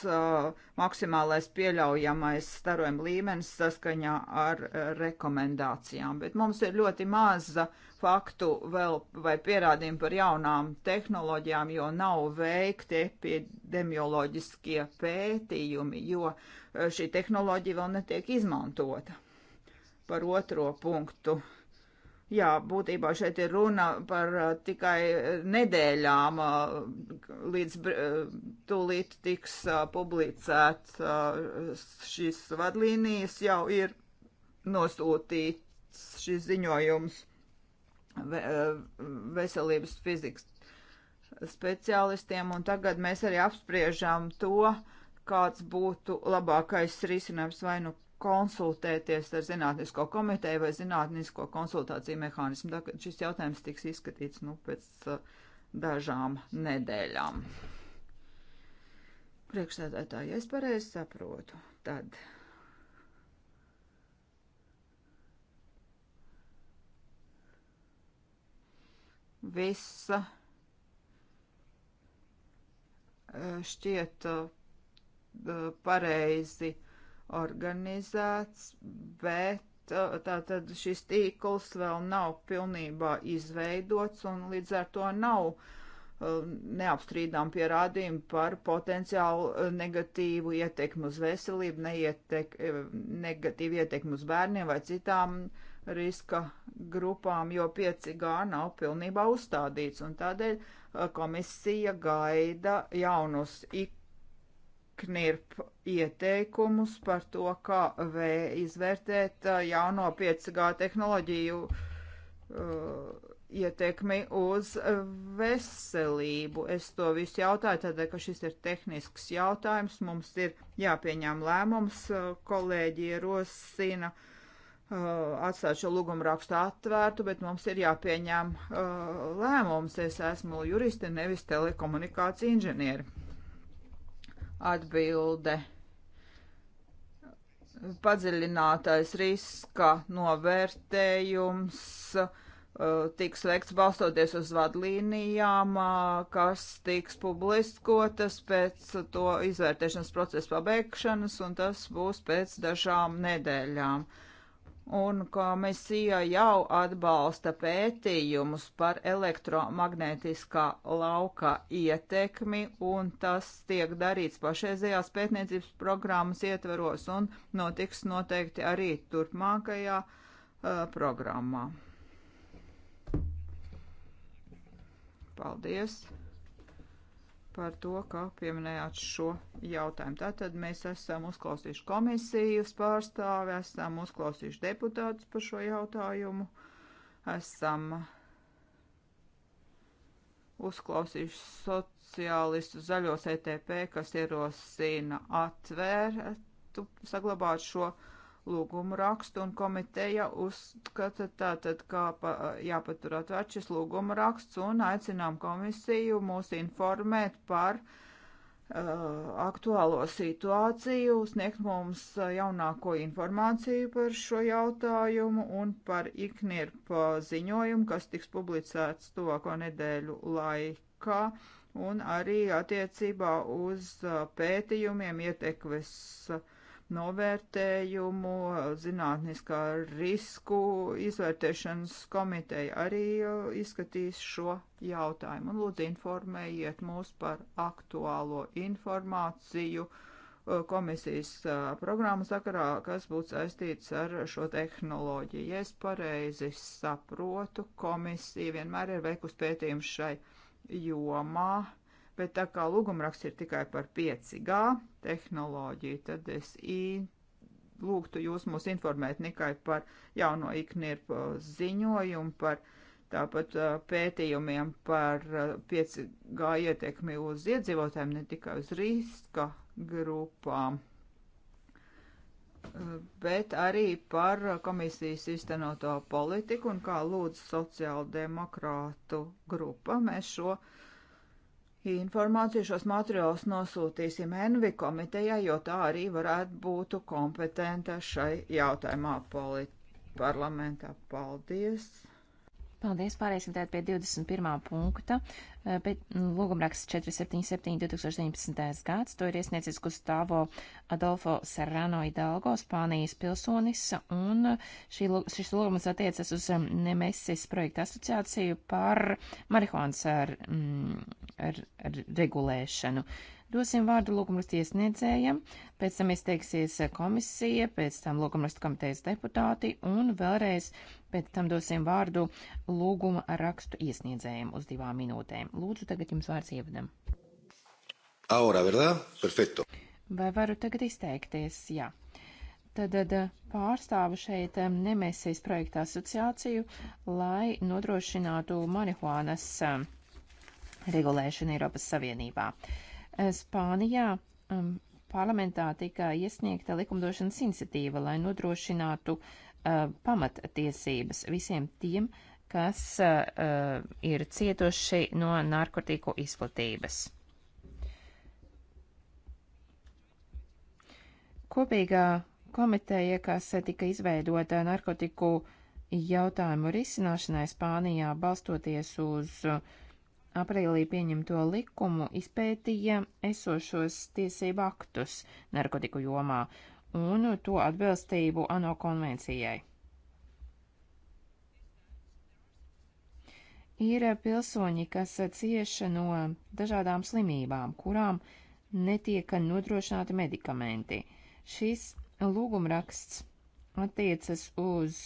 Uh, maksimālais pieļaujamais starojuma līmenis saskaņā ar uh, rekomendācijām. Bet mums ir ļoti maza faktu vēl vai pierādījumu par jaunām tehnoloģijām, jo nav veikti epidemioloģiskie pētījumi, jo uh, šī tehnoloģija vēl netiek izmantota. Par otro punktu Jā, būtībā šeit ir runa par uh, tikai nedēļām, uh, līdz uh, tūlīt tiks uh, publicēts uh, šīs vadlīnijas, jau ir nosūtīts šis ziņojums ve uh, veselības fizikas speciālistiem, un tagad mēs arī apspriežam to, kāds būtu labākais risinājums vai nu konsultēties ar zinātnisko komiteju vai zinātnisko konsultāciju mehānismu. Tātad šis jautājums tiks izskatīts nu, pēc uh, dažām nedēļām. Priekšstādātāji, ja es pareizi saprotu, tad. Visa uh, šķiet uh, pareizi uh, organizēts, bet uh, tātad šis tīkls vēl nav pilnībā izveidots un līdz ar to nav um, neapstrīdām pierādījumi par potenciālu uh, negatīvu ietekmu uz veselību, neietek, uh, negatīvu ietekmu uz bērniem vai citām riska grupām, jo 5G nav pilnībā uzstādīts, un tādēļ komisija gaida jaunus ik knirp ieteikumus par to, kā vē, izvērtēt uh, jauno 5G tehnoloģiju uh, ietekmi uz veselību. Es to visu jautāju, tādēļ, ka šis ir tehnisks jautājums. Mums ir jāpieņem lēmums, uh, kolēģi ierosina uh, atstāt šo lūgumu rakstu atvērtu, bet mums ir jāpieņem uh, lēmums. Es esmu juristi, nevis telekomunikācija inženieri. Atbilde. Padziļinātais riska novērtējums uh, tiks veikts balstoties uz vadlīnijām, uh, kas tiks publiskotas pēc to izvērtēšanas procesa pabeigšanas, un tas būs pēc dažām nedēļām. Uh, un komisija jau atbalsta pētījumus par elektromagnētiskā lauka ietekmi, un tas tiek darīts pašreizējās pētniecības programmas ietveros un notiks noteikti arī turpmākajā uh, programmā. Paldies! par to, ka pieminējāt šo jautājumu. Tātad mēs esam uzklausījuši komisijas pārstāvi, esam uzklausījuši deputātus par šo jautājumu, esam uzklausījuši sociālistu zaļos ETP, kas ierosina atvērt, saglabāt šo jautājumu lūgumu rakstu, un komiteja uzskata tātad, kā pa, jāpatur atvērt šis lūgumu raksts, un aicinām komisiju mūs informēt par uh, aktuālo situāciju, sniegt mums uh, jaunāko informāciju par šo jautājumu un par iknirpa ziņojumu, kas tiks publicēts tuvāko nedēļu laikā, un arī attiecībā uz uh, pētījumiem ietekves uh, novērtējumu, zinātniskā risku izvērtēšanas komiteja arī uh, izskatīs šo jautājumu. Un lūdzu informējiet mūs par aktuālo informāciju uh, komisijas uh, programmas sakarā, kas būtu saistīts ar šo tehnoloģiju. Ja es pareizi saprotu, komisija vienmēr ir veikusi pētījumus šai jomā Bet tā kā lūgumraksts ir tikai par 5G tehnoloģiju, tad es lūgtu jūs mūs informēt tikai par jauno iknirpu uh, ziņojumu, par tāpat uh, pētījumiem par 5G uh, ietekmi uz iedzīvotājiem, ne tikai uz riska grupām, bet arī par komisijas iztenoto politiku un kā lūdzu sociāldemokrātu grupa mēs šo uh, Informāciju šos materiālus nosūtīsim Envi komitejai, jo tā arī varētu būt kompetenta šai jautājumā parlamentā. Paldies! Paldies, pāriesim tātad pie 21. punkta. Eh, mm, lūgumraksts 477 2019. gads, to ir iesniecis Gustavo Adolfo Serrano Hidalgo, Spānijas pilsonis, un šī, šis lūgums attiecas uz eh, Nemesis projekta asociāciju par marihuānas ar, mm, ar, ar regulēšanu. Uh, Dosim vārdu lūgumrakstu iesniedzējiem, pēc tam izteiksies komisija, pēc tam lūgumrakstu komitejas deputāti un vēlreiz pēc tam dosim vārdu lūguma rakstu iesniedzējiem uz divām minūtēm. Lūdzu, tagad jums vārds ievadam. Aura, verdad? Perfecto. Vai varu tagad izteikties? Jā. Tad, tad pārstāvu šeit Nemesijas projekta asociāciju, lai nodrošinātu marihuānas regulēšanu Eiropas Savienībā. Uh, Spānijā um, parlamentā tika iesniegta likumdošanas iniciatīva, lai nodrošinātu uh, pamattiesības visiem tiem, kas uh, uh, ir cietuši no narkotiku izplatības. Kopīgā komiteja, kas tika izveidota narkotiku jautājumu risināšanai Spānijā, balstoties uz uh, aprīlī pieņemto likumu izpētīja esošos tiesību aktus narkotiku jomā un to atbilstību ANO konvencijai. Ir pilsoņi, kas cieši no dažādām slimībām, kurām netiek nodrošināti medikamenti. Šis lūgumraksts attiecas uz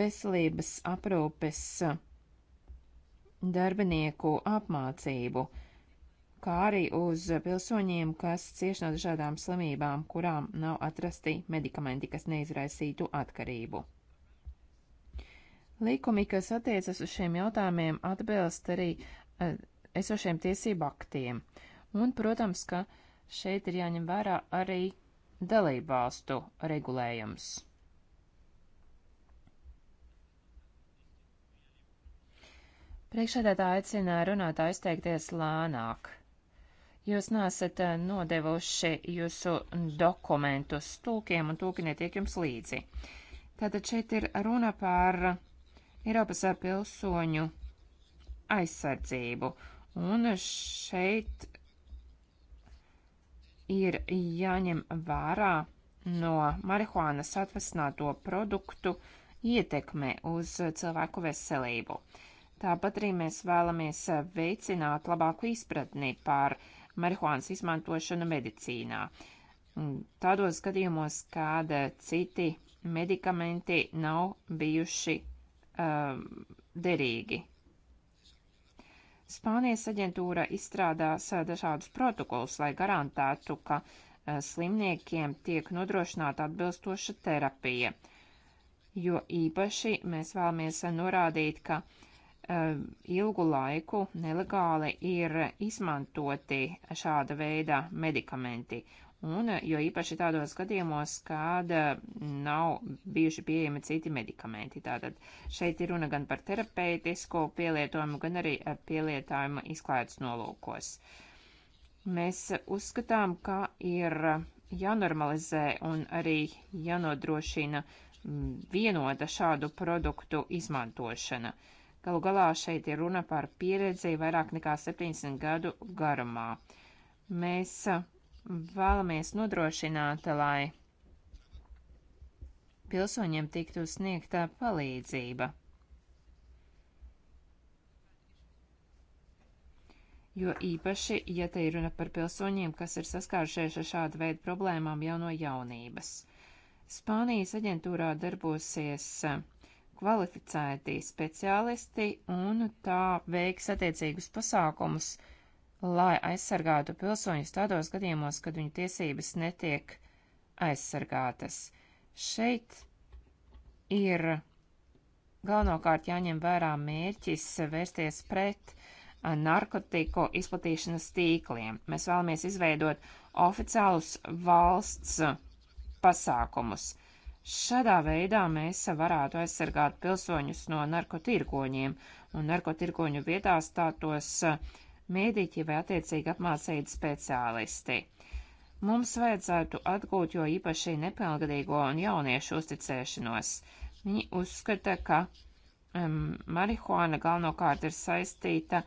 veselības aprūpes uh, darbinieku apmācību, kā arī uz pilsoņiem, kas cieš no dažādām slimībām, kurām nav atrasti medikamenti, kas neizraisītu atkarību. Līkumi, kas attiecas uz šiem jautājumiem, atbilst arī eh, esošiem tiesību aktiem. Un, protams, ka šeit ir jāņem vērā arī dalībvalstu regulējums. Priekšādētā aicina runātā izteikties lēnāk. Jūs nesat eh, nodevuši jūsu dokumentus tūkiem, un tūki netiek jums līdzi. Tātad šeit ir runa par Eiropas pilsoņu aizsardzību, un šeit ir jāņem vērā no marihuānas atvesināto produktu ietekme uz cilvēku veselību. Tāpat arī mēs vēlamies eh, veicināt labāku izpratni par marihuānas izmantošanu medicīnā. Mm, tādos gadījumos, kad eh, citi medikamenti nav bijuši um, derīgi. Spānijas aģentūra izstrādās eh, dažādus protokolus, lai garantētu, ka slimniekiem tiek nodrošināta atbilstoša terapija. Jo īpaši mēs vēlamies norādīt, ka uh, Um, ilgu laiku nelegāli ir izmantoti šāda veida medikamenti. Un jo īpaši tādos gadījumos, kad um, nav bijuši pieejami citi medikamenti. Tātad šeit ir runa gan par terapeitisko pielietojumu, gan arī uh, pielietojumu izklaides nolūkos. Mēs uzskatām, ka ir jānormalizē un arī jānodrošina mm, vienota šādu produktu izmantošana. Uh, Galu galā šeit ir runa par pieredzi vairāk nekā 70 gadu garumā. Mēs vēlamies nodrošināt, lai pilsoņiem tiktu sniegtā palīdzība. Jo īpaši, ja te ir runa par pilsoņiem, kas ir saskārušies ar šādu veidu problēmām jau no jaunības. Spānijas aģentūrā darbosies kvalificēti speciālisti un tā veiks attiecīgus pasākumus, lai aizsargātu pilsoņus tādos gadījumos, kad viņu tiesības netiek aizsargātas. Šeit ir galvenokārt jāņem vērā mērķis vērsties pret narkotiku izplatīšanas tīkliem. Mēs vēlamies izveidot oficiālus valsts pasākumus. Šādā veidā mēs varētu aizsargāt pilsoņus no narkotirgoņiem un narkotirgoņu vietā stātos uh, mēdīķi vai attiecīgi apmācīti speciālisti. Mums vajadzētu atgūt jo īpaši nepilngadīgo un jauniešu uzticēšanos. Viņi uzskata, ka um, marihuāna galvenokārt ir saistīta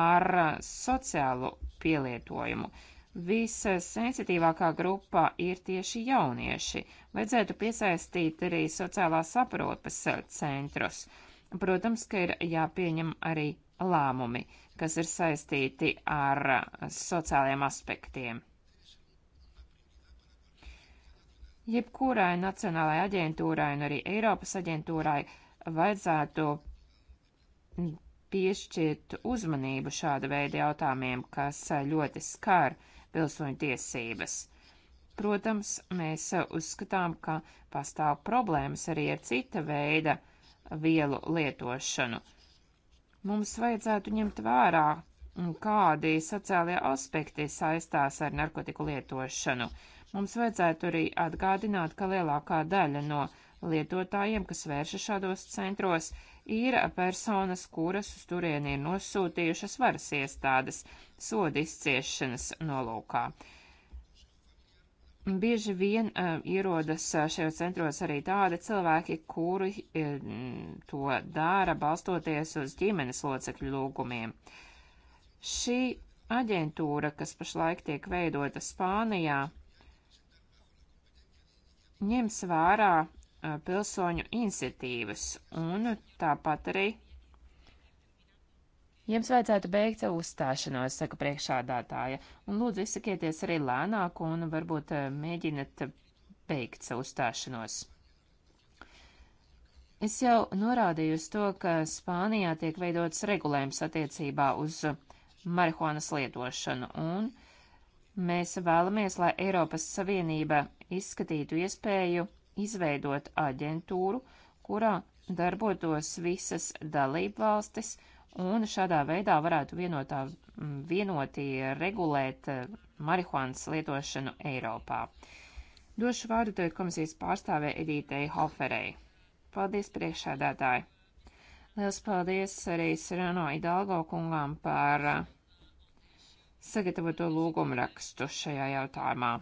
ar uh, sociālu pielietojumu. Uh, Vissensitīvākā grupā ir tieši jaunieši. Vajadzētu piesaistīt arī sociālās saprotnes centrus. Protams, ka ir jāpieņem arī lēmumi, kas ir saistīti ar sociālajiem aspektiem. Jebkurai nacionālajai aģentūrai un arī Eiropas aģentūrai vajadzētu piešķirt uzmanību šāda veida jautājumiem, kas ļoti skar uh, pilsoņu tiesības. Protams, mēs uzskatām, ka pastāv problēmas arī ar cita veida vielu lietošanu. Mums vajadzētu ņemt vērā, kādi sociālie aspekti saistās ar narkotiku lietošanu. Mums vajadzētu arī atgādināt, ka lielākā daļa no lietotājiem, kas vēršas šādos centros, ir personas, kuras uz turieni ir nosūtījušas varas iestādes sodu izciešanas nolūkā. Bieži vien uh, ierodas eh, šajos centros arī tādi cilvēki, kuri uh, to dara balstoties uz ģimenes locekļu lūgumiem. Šī aģentūra, kas pašlaik tiek veidota Spānijā, ņems vērā Uh, pilsoņu iniciatīvas, un tāpat arī. Jums vajadzētu beigt savu uzstāšanos, saka priekšādātāja, un lūdzu izsakieties arī lēnāk un varbūt uh, mēģiniet beigt savu uzstāšanos. Es jau norādīju uz to, ka Spānijā tiek veidots regulējums attiecībā uz marihuanas lietošanu, un mēs vēlamies, lai Eiropas Savienība izskatītu iespēju izveidot aģentūru, kurā darbotos visas dalībvalstis, un šādā veidā varētu vienotā, vienotī regulēt eh, marihuānas lietošanu Eiropā. Došu vārdu tagad komisijas pārstāvē Edītei Hoferei. Paldies priekšādātāji! Liels paldies arī Serano Idalgo kungām par eh, sagatavoto lūgumrakstu šajā jautājumā.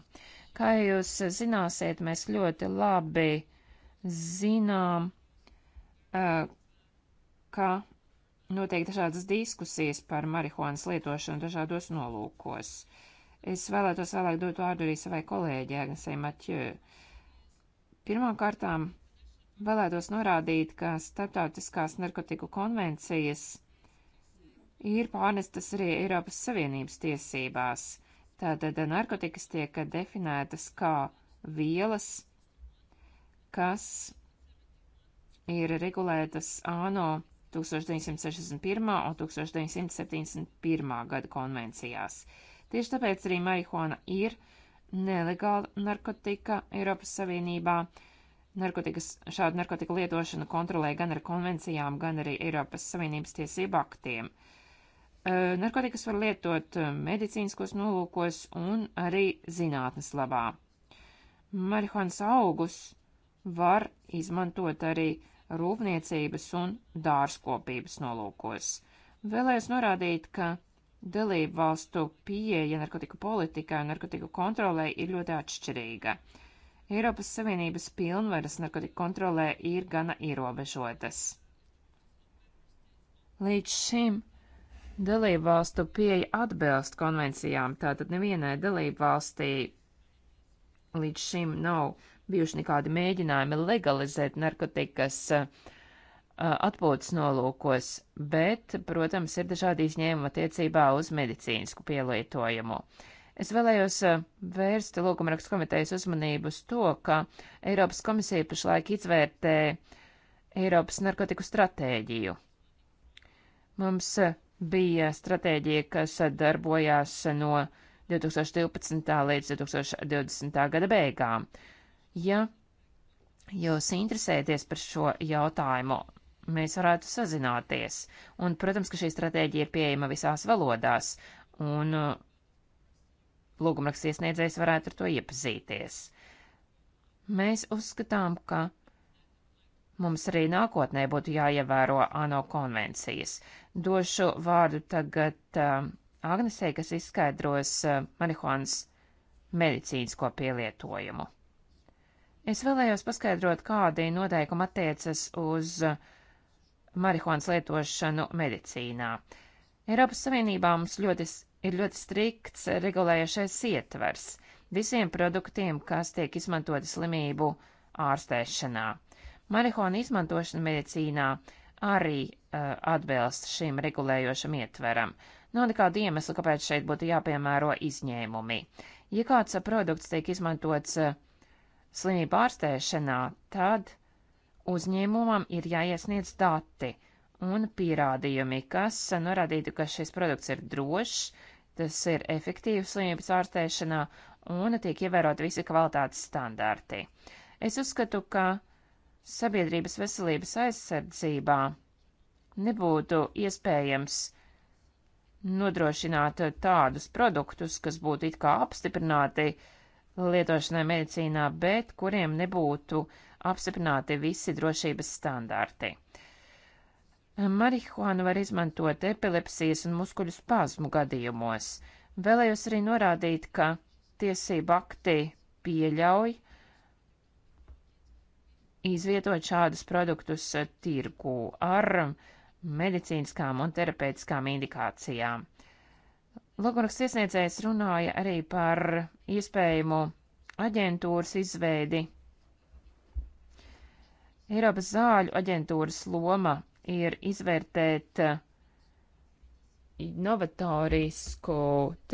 Kā jūs zināsiet, mēs ļoti labi zinām, ka notiek dažādas diskusijas par marihuānas lietošanu dažādos nolūkos. Es vēlētos vēlāk dot vārdu arī savai kolēģi Agnesei Matjē. Pirmkārtām vēlētos norādīt, ka starptautiskās narkotiku konvencijas ir pārnestas arī Eiropas Savienības tiesībās. Tātad narkotikas tiek definētas kā vielas, kas ir regulētas ANO 1961. un 1971. gada konvencijās. Tieši tāpēc arī marihuana ir nelegāla narkotika Eiropas Savienībā. Narkotikas, šādu narkotiku lietošanu kontrolē gan ar konvencijām, gan arī Eiropas Savienības tiesību aktiem. Uh, Eh, narkotikas var lietot eh, medicīniskos nolūkos un arī zinātnes labā. Marihuanas augus var izmantot arī rūpniecības un dārzkopības nolūkos. Vēlējos norādīt, ka dalību valstu pieeja narkotiku politikai un narkotiku kontrolē ir ļoti atšķirīga. Eiropas Savienības pilnvaras narkotiku kontrolē ir gana ierobežotas. Līdz šim Dalībvalstu pieeja atbilst konvencijām, tātad nevienai dalībvalstī līdz šim nav bijuši nekādi mēģinājumi legalizēt narkotikas atpūtas nolūkos, bet, protams, ir dažādi izņēmumi attiecībā uz medicīnisku pielietojumu. Es vēlējos vērst lūgumrakstu komitejas uzmanību uz to, ka Eiropas komisija pašlaik izvērtē Eiropas narkotiku stratēģiju. Mums bija stratēģija, kas darbojās no 2012. līdz 2020. gada beigām. Ja jūs interesēties par šo jautājumu, mēs varētu sazināties. Un, protams, ka šī stratēģija ir pieejama visās valodās, un uh, lūgumraksts iesniedzējs varētu ar to iepazīties. Mēs uzskatām, ka Mums arī nākotnē būtu jāievēro ANO konvencijas. Došu vārdu tagad uh, Agnesei, kas izskaidros uh, marihuānas medicīnisko pielietojumu. Es vēlējos paskaidrot, kādi noteikumi attiecas uz uh, marihuānas lietošanu medicīnā. Eiropas Savienībā mums ļoti, ir ļoti strikts regulējušais ietvers visiem produktiem, kas tiek izmantoti slimību ārstēšanā. Marihuana izmantošana medicīnā arī uh, atbilst šim regulējošam ietveram. Nav nekādu iemeslu, kāpēc šeit būtu jāpiemēro izņēmumi. Ja kāds eh, produkts tiek izmantots uh, slimību ārstēšanā, tad uzņēmumam ir jāiesniedz dati un pierādījumi, kas uh, norādītu, ka šis produkts ir drošs, tas ir efektīvs slimības ārstēšanā un tiek ievērot visi kvalitātes standarti. Es uzskatu, ka uh, sabiedrības veselības aizsardzībā nebūtu iespējams nodrošināt tādus produktus, kas būtu it kā apstiprināti lietošanai medicīnā, bet kuriem nebūtu apstiprināti visi drošības standarti. Marihuānu var izmantot epilepsijas un muskuļu spazmu gadījumos. Vēlējos arī norādīt, ka tiesība akti pieļauj uh, izvietot šādus produktus eh, tirgu ar medicīniskām un terapeitiskām indikācijām. Loguraks iesniedzējs runāja arī par iespējamu aģentūras izveidi. Eiropas zāļu aģentūras loma ir izvērtēt eh, novatorisku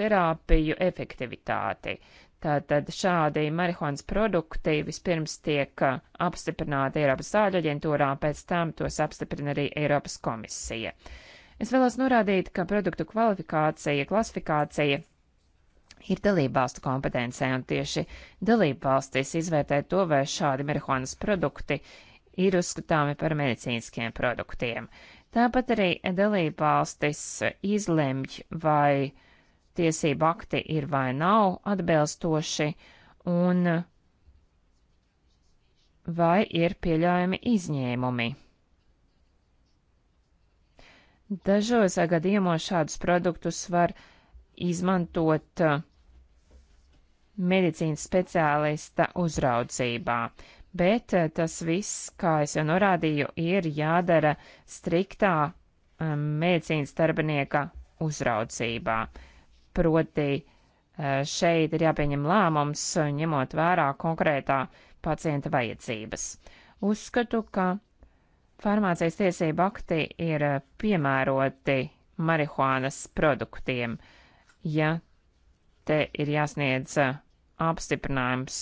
terapiju efektivitāti. Tātad šādi marihuānas produkti vispirms tiek uh, apstiprināti Eiropas zāļu aģentūrā, pēc tam tos apstiprina arī Eiropas komisija. Es vēlos norādīt, ka produktu kvalifikācija, klasifikācija ir dalībvalstu kompetencē, un tieši dalībvalstīs izvērtē to, vai šādi marihuānas produkti ir uzskatāmi par medicīniskiem produktiem. Tāpat arī dalībvalstis izlemj, vai uh, tiesību akti ir vai nav atbilstoši un vai ir pieļaujami izņēmumi. Dažos gadījumos šādus produktus var izmantot uh, medicīnas speciālista uzraudzībā, bet uh, tas viss, kā es jau norādīju, ir jādara striktā um, medicīnas darbinieka uzraudzībā proti eh, šeit ir jāpieņem lēmums, ņemot vērā konkrētā pacienta vajadzības. Uzskatu, ka farmācijas tiesība akti ir eh, piemēroti marihuānas produktiem, ja te ir jāsniedz eh, apstiprinājums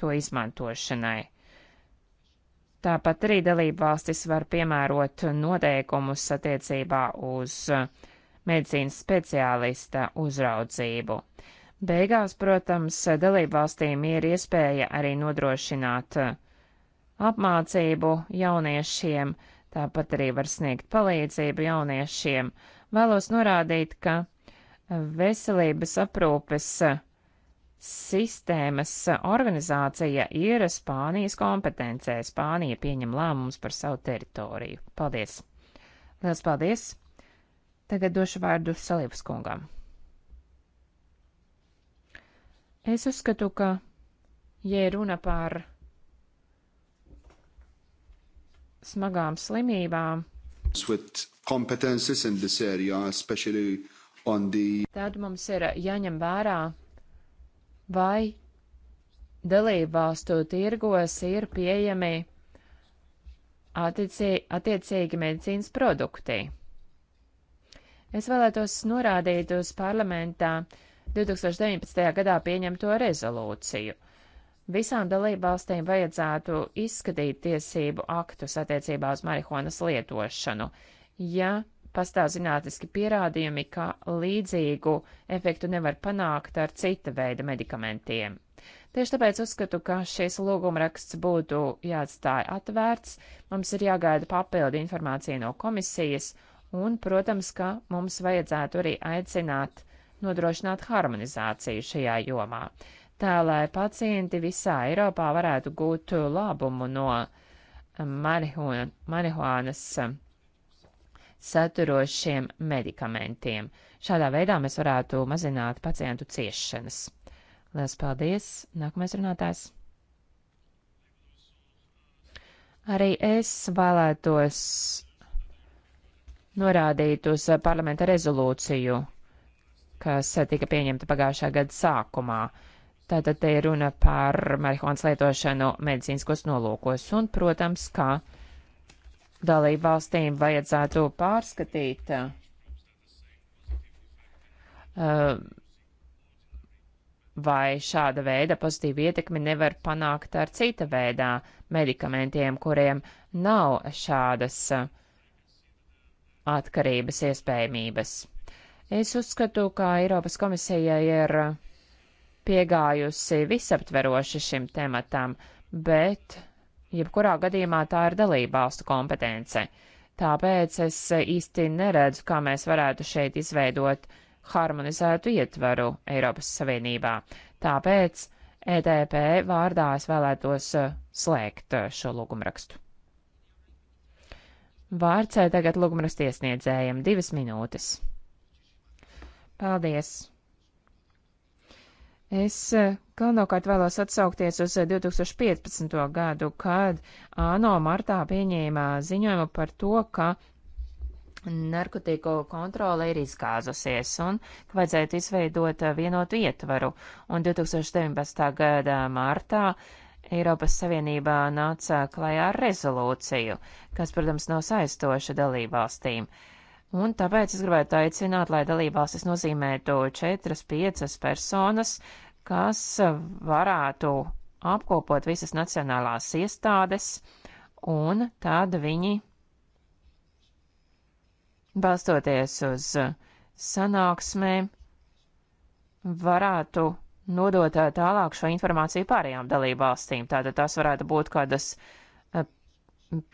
to izmantošanai. Tāpat arī dalību valstis var piemērot noteikumus attiecībā uz uh, medicīnas speciālista uzraudzību. Beigās, protams, dalībvalstīm ir iespēja arī nodrošināt uh, apmācību jauniešiem, tāpat arī var sniegt palīdzību jauniešiem. Vēlos norādīt, ka uh, veselības aprūpes uh, sistēmas organizācija ir Spānijas kompetencē. Spānija pieņem lēmumus par savu teritoriju. Paldies! Lielas paldies! Tagad došu vārdu Salības kungam. Es uzskatu, ka, ja runa par smagām slimībām, area, the... tad mums ir jāņem vērā, vai dalībvalstu tirgos ir pieejami attiecīgi medicīnas produkti. Es vēlētos norādīt uz parlamentā 2019. gadā pieņemto rezolūciju. Visām dalībvalstīm vajadzētu izskatīt tiesību aktus attiecībā uz marihuanas lietošanu, ja pastāv zinātniski pierādījumi, ka līdzīgu efektu nevar panākt ar cita veida medikamentiem. Tieši tāpēc uzskatu, ka šis lūgumraksts būtu jāatstāja atvērts, mums ir jāgaida papildi informācija no komisijas, un, protams, ka mums vajadzētu arī aicināt nodrošināt harmonizāciju šajā jomā, tā lai pacienti visā Eiropā varētu gūt labumu no um, marihuānas um, saturošiem medikamentiem. Šādā veidā mēs varētu mazināt pacientu ciešanas. Lielas paldies! Nākamais runātājs! Arī es vēlētos norādīt uz eh, parlamenta rezolūciju, kas eh, tika pieņemta pagājušā gada sākumā. Tātad te ir runa par marihuānas lietošanu medicīniskos nolūkos un, protams, kā dalību valstīm vajadzētu pārskatīt uh, vai šāda veida pozitīva ietekmi nevar panākt ar cita veidā medikamentiem, kuriem nav šādas uh, atkarības iespējamības. Es uzskatu, ka Eiropas komisija ir piegājusi visaptveroši šim tematam, bet jebkurā gadījumā tā ir dalība valstu kompetence. Tāpēc es īsti neredzu, kā mēs varētu šeit izveidot harmonizētu ietvaru Eiropas Savienībā. Tāpēc ETP vārdā es vēlētos slēgt šo lūgumrakstu. Vārds eh, tagad lūgumras tiesniedzējiem divas minūtes. Paldies! Es eh, galvenokārt vēlos atsaukties uz 2015. Eh, gadu, kad ANO martā pieņēma ziņojumu par to, ka narkotiku kontrole ir izgāzusies un ka vajadzētu izveidot vienotu ietvaru. Un 2019. gada martā Eiropas Savienībā nāca klajā ar rezolūciju, kas, protams, nav saistoša dalībvalstīm. Un tāpēc es gribētu aicināt, lai dalībvalstis nozīmētu 4-5 personas, kas varētu apkopot visas nacionālās iestādes, un tad viņi, balstoties uz sanāksmēm, varētu nodot tālāk šo informāciju pārējām dalībvalstīm. Tātad tās varētu būt kādas,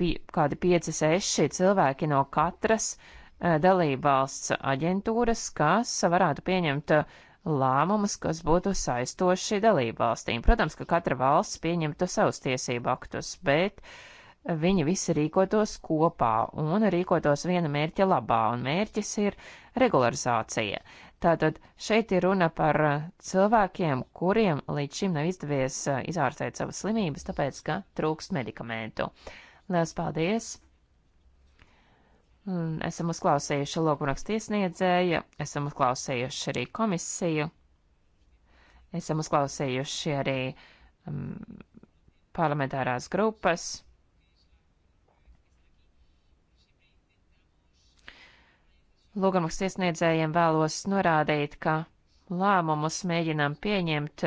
pie, kādi pieci, seši cilvēki no katras dalībvalsts aģentūras, kas varētu pieņemt lēmumus, kas būtu saistoši dalībvalstīm. Protams, ka katra valsts pieņemtu savus tiesību aktus, bet uh, viņi visi rīkotos kopā un rīkotos viena mērķa labā, un mērķis ir regularizācija. Tātad šeit ir runa par uh, cilvēkiem, kuriem līdz šim nav izdevies uh, izārstēt savas slimības, tāpēc, ka trūkst medikamentu. Lielas paldies! Esam uzklausījuši logumrakstu iesniedzēju, esam uzklausījuši arī komisiju, esam uzklausījuši arī um, parlamentārās grupas. Lūgumaks iesniedzējiem vēlos norādīt, ka lēmumus mēģinām pieņemt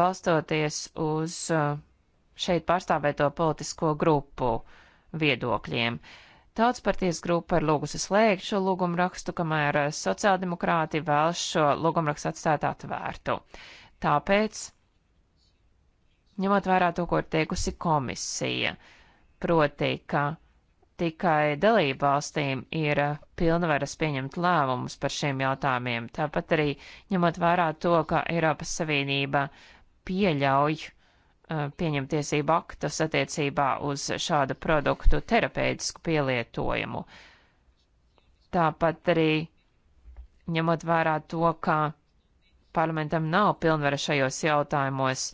balstoties uz uh, šeit pārstāvēto politisko grupu viedokļiem. Tautspartijas grupa ir lūgusi slēgt šo lūgumu rakstu, kamēr uh, sociāldemokrāti vēl šo lūgumu rakstu atstāt atvērtu. Tāpēc, ņemot vērā to, ko ir teikusi komisija, proti, ka tikai dalībvalstīm ir eh, pilnvaras pieņemt lēmumus par šiem jautājumiem, tāpat arī ņemot vērā to, ka Eiropas Savienība pieļauj uh, eh, pieņemt tiesību aktus attiecībā uz šādu produktu terapeitisku pielietojumu. Tāpat arī ņemot vērā to, ka parlamentam nav pilnvara šajos jautājumos,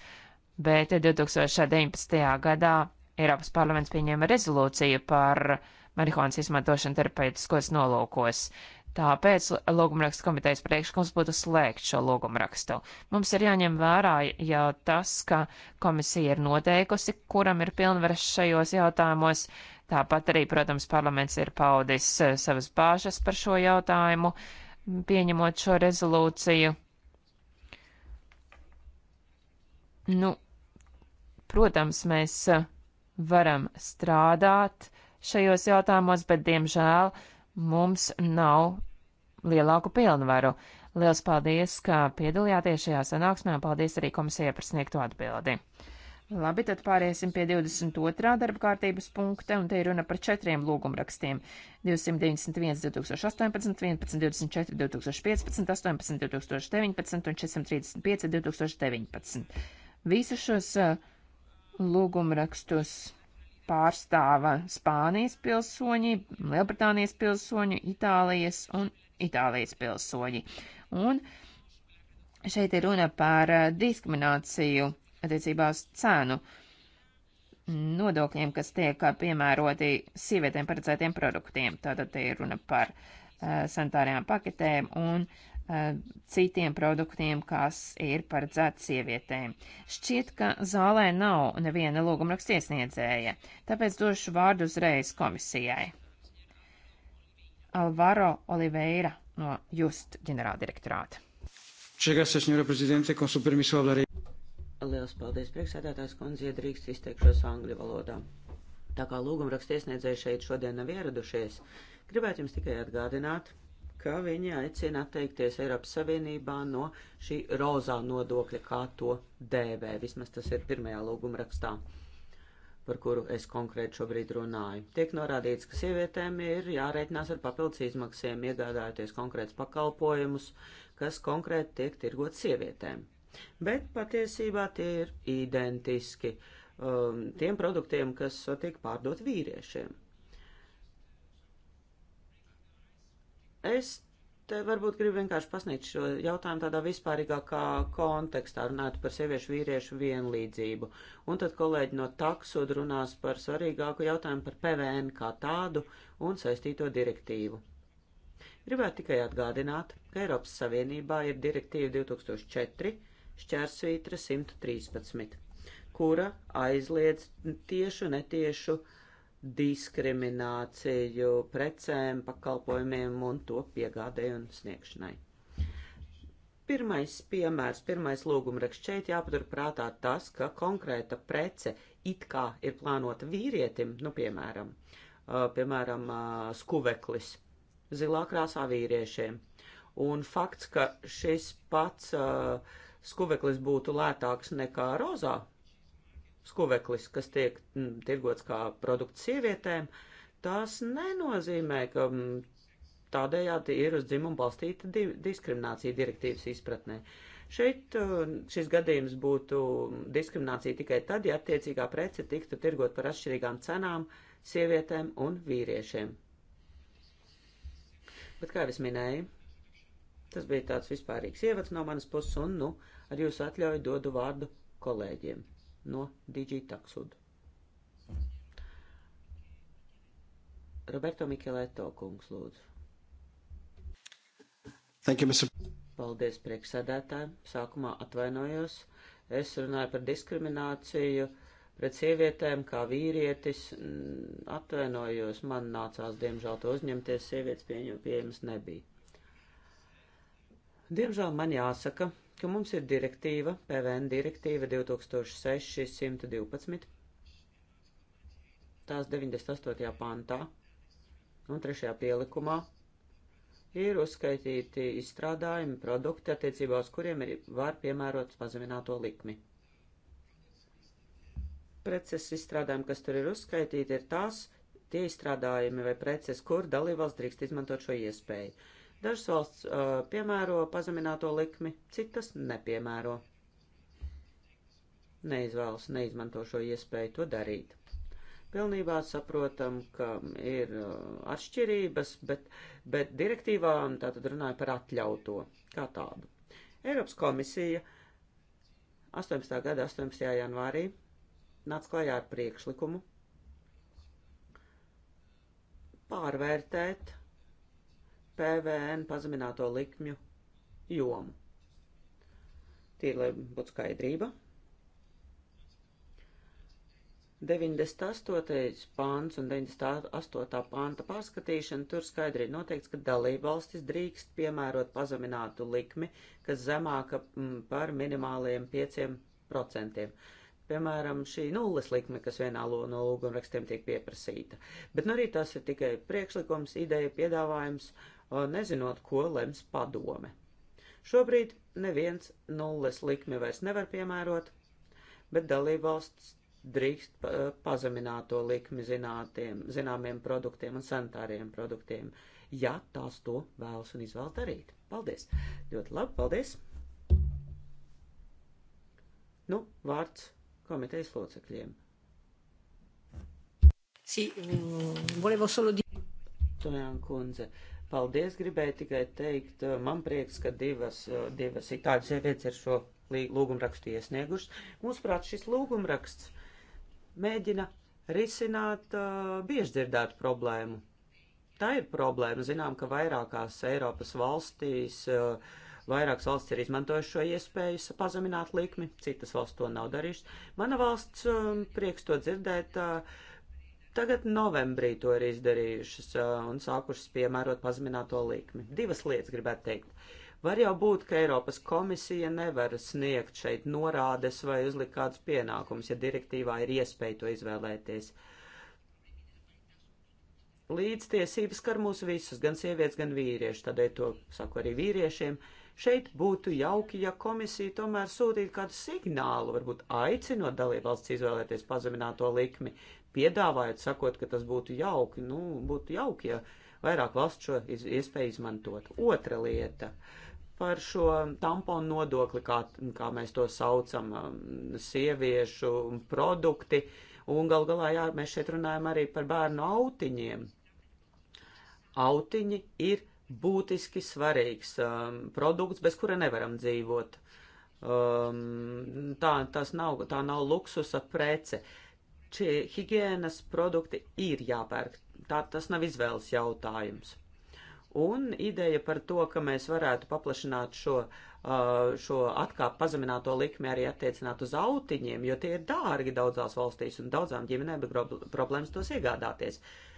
bet 2019. Eh, gadā Eiropas parlaments pieņēma rezolūciju par marihuānas izmantošanu terapeitiskos nolūkos. Tāpēc lūgumrakstu komitejas priekšlikums būtu slēgt šo lūgumrakstu. Mums ir jāņem vērā jau tas, ka komisija ir noteikusi, kuram ir pilnvaras šajos jautājumos. Tāpat arī, protams, parlaments ir paudis eh, savas bāžas par šo jautājumu, pieņemot šo rezolūciju. Nu, protams, mēs. Uh, varam strādāt šajos jautājumos, bet, diemžēl, mums nav lielāku pilnvaru. Liels paldies, ka piedalījāties šajā sanāksmē, un paldies arī komisijai par sniegto atbildi. Labi, tad pāriesim pie 22. darba kārtības punkta, un te ir runa par četriem lūgumrakstiem - 291, 2018, 11, 24, 2015, 18, 2019 un 435, 2019. Visus šos uh, lūgumrakstus pārstāva Spānijas pilsoņi, Lielbritānijas pilsoņi, Itālijas un Itālijas pilsoņi. Un šeit ir runa par eh, diskrimināciju attiecībā uz cenu nodokļiem, kas tiek eh, piemēroti sievietēm paredzētiem produktiem. Tātad te ir runa par uh, sanitārajām paketēm un uh, citiem produktiem, kas ir paredzēti sievietēm. Šķiet, ka zālē nav neviena lūgumraksta iesniedzēja, tāpēc došu vārdu uzreiz komisijai. Alvaro Oliveira no Just ģenerāldirektorāta. Liels paldies, priekšsēdētājs kundze, ja drīkst izteikšos angļu valodā. Tā kā lūgumraksta iesniedzēji šeit šodien nav ieradušies, gribētu jums tikai atgādināt, ka viņi aicina atteikties Eiropas Savienībā no šī rozā nodokļa, kā to dēvē. Vismaz tas ir pirmajā lūguma rakstā, par kuru es konkrēti šobrīd runāju. Tiek norādīts, ka sievietēm ir jārēķinās ar papildus izmaksiem, iegādājoties konkrēts pakalpojumus, kas konkrēti tiek tirgot sievietēm. Bet patiesībā tie ir identiski um, tiem produktiem, kas tiek pārdot vīriešiem. Es te varbūt gribu vienkārši pasniegt šo jautājumu tādā vispārīgākā kontekstā, runāt par sieviešu vīriešu vienlīdzību. Un tad kolēģi no taksud runās par svarīgāku jautājumu par PVN kā tādu un saistīto direktīvu. Gribētu tikai atgādināt, ka Eiropas Savienībā ir direktīva 2004 šķērsvītra 113, kura aizliedz tiešu netiešu uh, diskrimināciju precēm, pakalpojumiem un to piegādēju un sniegšanai. Pirmais piemērs, pirmais lūgumraksts šeit jāpatur prātā tas, ka konkrēta prece it kā ir plānota vīrietim, nu, piemēram, piemēram, skuveklis, zilā krāsā vīriešiem. Un fakts, ka šis pats skuveklis būtu lētāks nekā rozā skuveklis, kas tiek tirgots kā produkts sievietēm, tas nenozīmē, ka tādējādi ir uz dzimumu balstīta di diskriminācija direktīvas izpratnē. Šeit uh, šis gadījums būtu diskriminācija tikai tad, ja attiecīgā prece tiktu tirgot par atšķirīgām cenām sievietēm un vīriešiem. Bet, kā jau es minēju, tas bija tāds vispārīgs ievads no manas puses, un, nu, ar jūsu atļauju dodu vārdu kolēģiem no Digitaxud. Roberto Mikelēto kungs, lūdzu. Thank you, Mr. Paldies priekšsēdētājiem. Sākumā atvainojos. Es runāju par diskrimināciju pret sievietēm kā vīrietis. Mm, atvainojos, man nācās diemžēl to uzņemties, sievietes pieņem, pieejamas nebija. Diemžēl man jāsaka, ka mums ir direktīva, PVN direktīva 2612, tās 98. pantā un 3. pielikumā ir uzskaitīti izstrādājumi produkti, attiecībā uz kuriem ir, var piemērot pazemināto likmi. Preces izstrādājumi, kas tur ir uzskaitīti, ir tās tie izstrādājumi vai preces, kur dalībvalsts drīkst izmantot šo iespēju. Dažas valsts uh, piemēro pazemināto likmi, citas nepiemēro. Neizvēlas, neizmanto šo iespēju to darīt. Pilnībā saprotam, ka ir uh, atšķirības, bet, bet direktīvām tātad runāja par atļauto kā tādu. Eiropas komisija 18. gada 18. janvārī nāca klajā ar priekšlikumu pārvērtēt PVN pazemināto likmju jomu. Tīri, lai būtu skaidrība. 98. pāns un 98. panta pārskatīšana tur skaidri ir noteikts, ka dalībvalstis drīkst piemērot pazeminātu likmi, kas zemāka mm, par minimāliem 5%. Piemēram, šī nulles likme, kas vienā no lūgumrakstiem tiek pieprasīta. Bet nu arī tas ir tikai priekšlikums, ideja, piedāvājums. Uh, nezinot, ko lems padome. Šobrīd neviens nulles likmi vairs nevar piemērot, bet dalībvalsts drīkst pazemināt to likmi zinātiem, zināmiem produktiem un sanitāriem produktiem, ja tās to vēlas un izvēlas darīt. Paldies! Ļoti labi, paldies! Nu, vārds komitejas locekļiem. Sī, mm, volevo solo di... Tonēn kundze. Uh, Paldies, gribēju tikai teikt, eh, man prieks, ka divas, eh, divas itāļu sievietes ir šo lūgumrakstu iesniegušas. Mūsuprāt, šis lūgumraksts mēģina risināt uh, bieždzirdētu problēmu. Tā ir problēma. Zinām, ka vairākās Eiropas valstīs, uh, vairākas valsts ir izmantojušas šo iespēju pazemināt likmi, citas valsts to nav darījušas. Mana valsts, um, prieks to dzirdēt, uh, Tagad novembrī to ir izdarījušas un sākušas piemērot pazemināto likmi. Divas lietas gribētu teikt. Var jau būt, ka Eiropas komisija nevar sniegt šeit norādes vai uzlikt kādus pienākumus, ja direktīvā ir iespēja to izvēlēties. Līdztiesības skar mūs visus, gan sievietes, gan vīrieši, tādēļ to saku arī vīriešiem. Uh, Šeit būtu jauki, ja komisija tomēr sūtītu kādu signālu, varbūt aicinot dalībvalsts izvēlēties pazemināto likmi, piedāvājot, sakot, ka tas būtu jauki, nu, būtu jauki, ja vairāk valsts šo iz, iespēju izmantot. Otra lieta par šo tamponu nodokli, kā, kā mēs to saucam, um, sieviešu produkti, un gal galā, jā, mēs šeit runājam arī par bērnu autiņiem. Autiņi ir būtiski svarīgs um, produkts, bez kura nevaram dzīvot. Um, tā, tas nav, tā nav luksusa prece. Šie higienas produkti ir jāpērk. Tā, tas nav izvēles jautājums. Un ideja par to, ka mēs varētu paplašināt šo, uh, šo atkāpu pazemināto likmi arī attiecināt uz autiņiem, jo tie ir dārgi daudzās valstīs un daudzām ģimenēm ir problēmas tos iegādāties. Uh,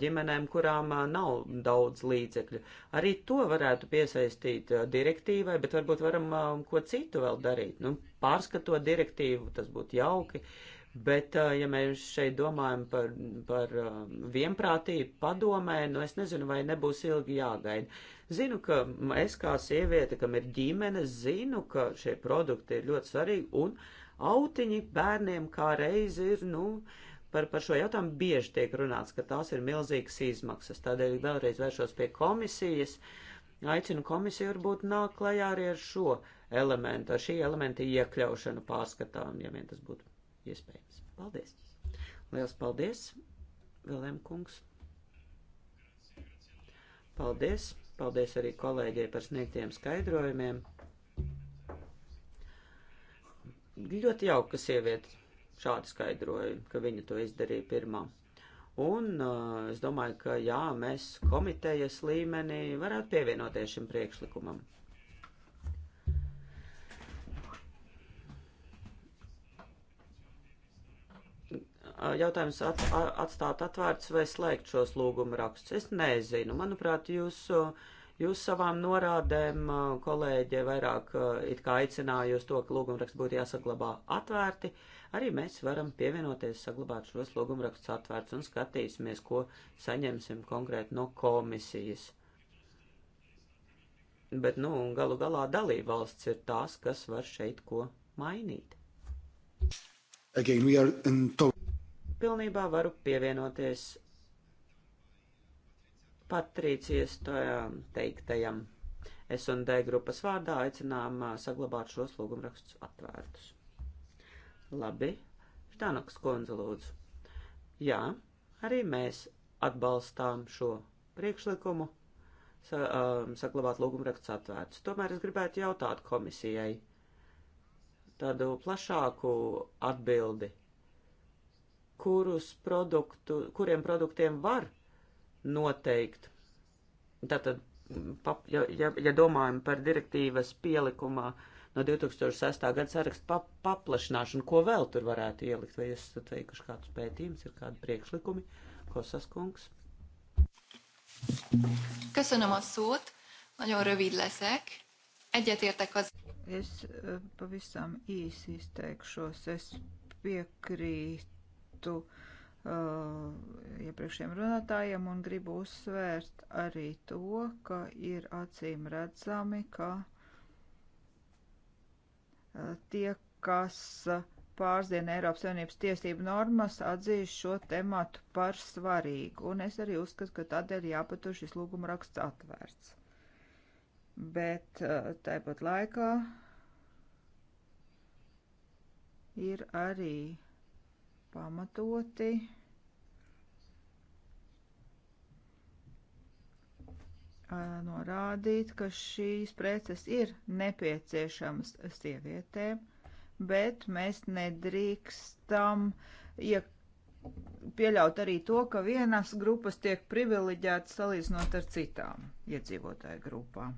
ģimenēm, kurām nav daudz līdzekļu. Arī to varētu piesaistīt direktīvai, bet varbūt varam ko citu vēl darīt. Nu, pārskatot direktīvu, tas būtu jauki. Bet, ja mēs šeit domājam par, par vienprātību padomē, nu es nezinu, vai nebūs ilgi jāgaida. Zinu, ka es kā sieviete, kam ir ģimene, zinu, ka šie produkti ir ļoti svarīgi un autiņi bērniem kā reiz ir, nu, uh, par, par šo jautājumu bieži tiek runāts, ka tās ir milzīgas izmaksas. Tādēļ vēlreiz vēršos pie komisijas. Aicinu komisiju varbūt nāk klajā arī ar šo elementu, ar šī elementa iekļaušanu pārskatām, ja vien tas būtu iespējams. Paldies! Liels paldies, Vilēm kungs! Paldies! Paldies arī kolēģiem par sniegtiem skaidrojumiem. Ļoti jauka sieviete šādi skaidroja, ka viņa to izdarīja pirmā. Un uh, es domāju, ka jā, mēs komitejas līmenī varētu pievienoties šim priekšlikumam. jautājums at, atstāt atvērts vai slēgt šos lūguma rakstus. Es nezinu. Manuprāt, jūs, jūs savām norādēm kolēģi vairāk it kā aicinājus to, ka lūguma raksts būtu jāsaglabā atvērti. Uh, arī mēs varam pievienoties, saglabāt šos logumrakstus atvērts un skatīsimies, ko saņemsim konkrēti no komisijas. Bet, nu, galu galā dalība valsts ir tās, kas var šeit ko mainīt. Again, Pilnībā varu pievienoties Patrīcijas tajām teiktajam. S&D grupas vārdā aicinām saglabāt šos lūgumrakstus atvērtus. Labi. Štānoks kundze lūdzu. Jā, arī mēs atbalstām šo priekšlikumu sa, um, saglabāt lūgumrakstus atvērtus. Tomēr es gribētu jautāt komisijai tādu plašāku atbildi, kurus produktu, kuriem produktiem var noteikt. Tātad, pap, ja, ja, ja domājam par direktīvas pielikumā uh, no 2006. gada saraksta pa paplašināšanu. Ko vēl tur varētu ielikt? Vai jūs esat veikuši kādus pētījumus, ir kādi priekšlikumi? Kosas kungs. Köszönöm a szót, nagyon rövid leszek. Egyetértek az... Es pavisam īsi izteikšos. Es piekrītu iepriekšējiem ja runātājiem un gribu uzsvērt arī to, ka ir acīm redzami, ka tie, kas pārzina Eiropas Savienības tiesību normas, atzīst šo tematu par svarīgu, un es arī uzskatu, ka tādēļ jāpatur šis lūguma raksts atvērts. Bet eh, tāpat laikā ir arī pamatoti norādīt, ka šīs preces ir nepieciešamas sievietēm, bet mēs nedrīkstam ja pieļaut arī to, ka vienas grupas tiek privileģētas salīdzinot ar citām iedzīvotāju grupām.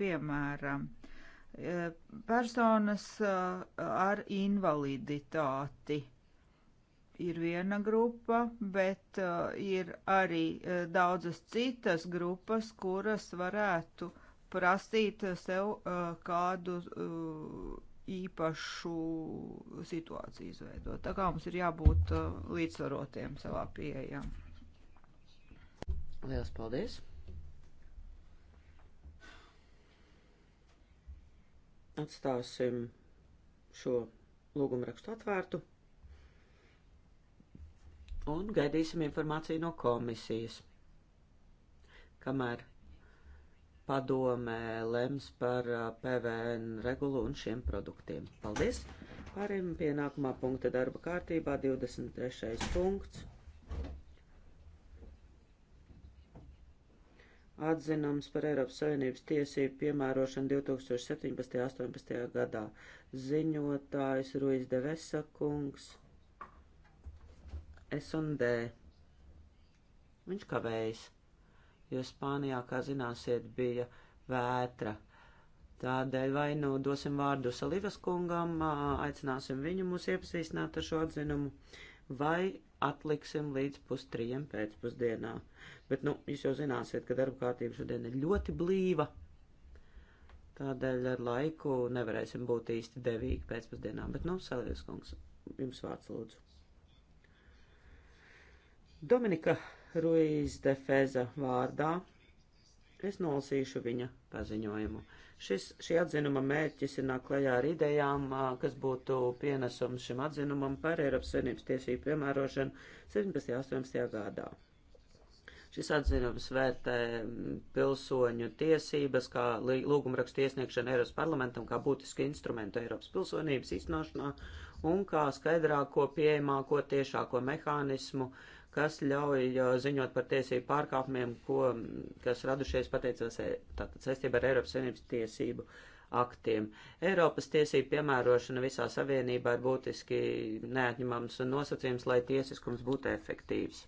Piemēram, personas ar invaliditāti ir viena grupa, bet uh, ir arī uh, daudzas citas grupas, kuras varētu prasīt sev uh, kādu uh, īpašu situāciju izveidot. Tā kā mums ir jābūt uh, līdzsvarotiem savā pieejā. Lielas paldies! Atstāsim šo lūgumu rakstu atvērtu un gaidīsim informāciju no komisijas. Kamēr padomē lems par PVN regulu un šiem produktiem. Paldies! Pārim pie nākamā punkta darba kārtībā, 23. punkts. Atzinums par Eiropas Savienības tiesību piemērošanu 2017. un 2018. gadā. Ziņotājs Ruiz Devesa kungs. S un D. Viņš kavējas, jo Spānijā, kā zināsiet, bija vētra. Tādēļ vai nu dosim vārdu Salivas kungam, aicināsim viņu mūs iepazīstināt ar šo atzinumu, vai atliksim līdz pustrijiem pēcpusdienā. Bet, nu, jūs jau zināsiet, ka darba kārtība šodien ir ļoti blīva, tādēļ ar laiku nevarēsim būt īsti devīgi pēcpusdienā. Bet, nu, Salivas kungs, jums vārds lūdzu. Dominika Ruiz de Feza vārdā es nolasīšu viņa paziņojumu. Šis, šī atzinuma mērķis ir nāk klajā ar idejām, kas būtu pienesums šim atzinumam par Eiropas Savienības tiesību piemērošanu 17. un 18. gadā. Šis atzinums vērtē pilsoņu tiesības, kā lūgumrakstu iesniegšanu Eiropas parlamentam, kā būtisku instrumentu Eiropas pilsonības īstenošanā un kā skaidrāko, pieejamāko, tiešāko mehānismu uh, kas ļauj ziņot par tiesību pārkāpumiem, ko, kas radušies pateicās e, saistībā ar Eiropas Savienības tiesību aktiem. Eiropas tiesību piemērošana visā Savienībā ir būtiski neatņemams nosacījums, lai tiesiskums būtu efektīvs.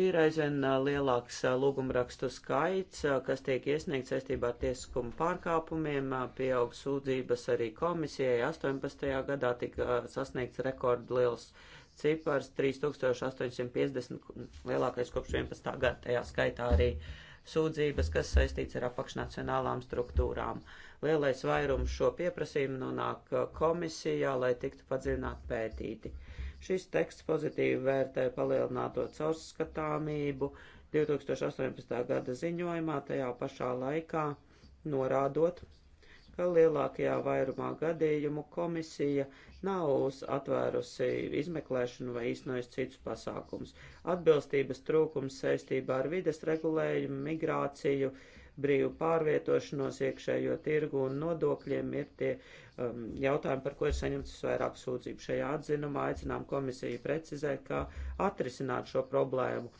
Ir aizvien e, lielāks e, lūgumrakstu skaits, kas tiek iesniegts saistībā ar tiesiskumu pārkāpumiem, pieaug sūdzības arī komisijai. 18. gadā tika sasniegts rekordliels liels cipars 3850 lielākais kopš 11. gada, tajā skaitā arī sūdzības, kas saistīts ar apakšnacionālām struktūrām. Lielais vairums šo pieprasījumu nonāk uh, komisijā, lai tiktu padziļināt pētīti. Šis teksts pozitīvi vērtē palielināto caurskatāmību 2018. gada ziņojumā, tajā pašā laikā norādot, ka lielākajā vairumā gadījumu komisija nav atvērusi izmeklēšanu vai īstenojusi citus pasākumus. Atbilstības trūkums saistībā ar vides regulējumu, migrāciju, brīvu pārvietošanos, iekšējo tirgu un nodokļiem ir tie um, jautājumi, par ko ir saņemts visvairāk sūdzību. Šajā atzinumā aicinām komisiju precizēt, kā atrisināt šo problēmu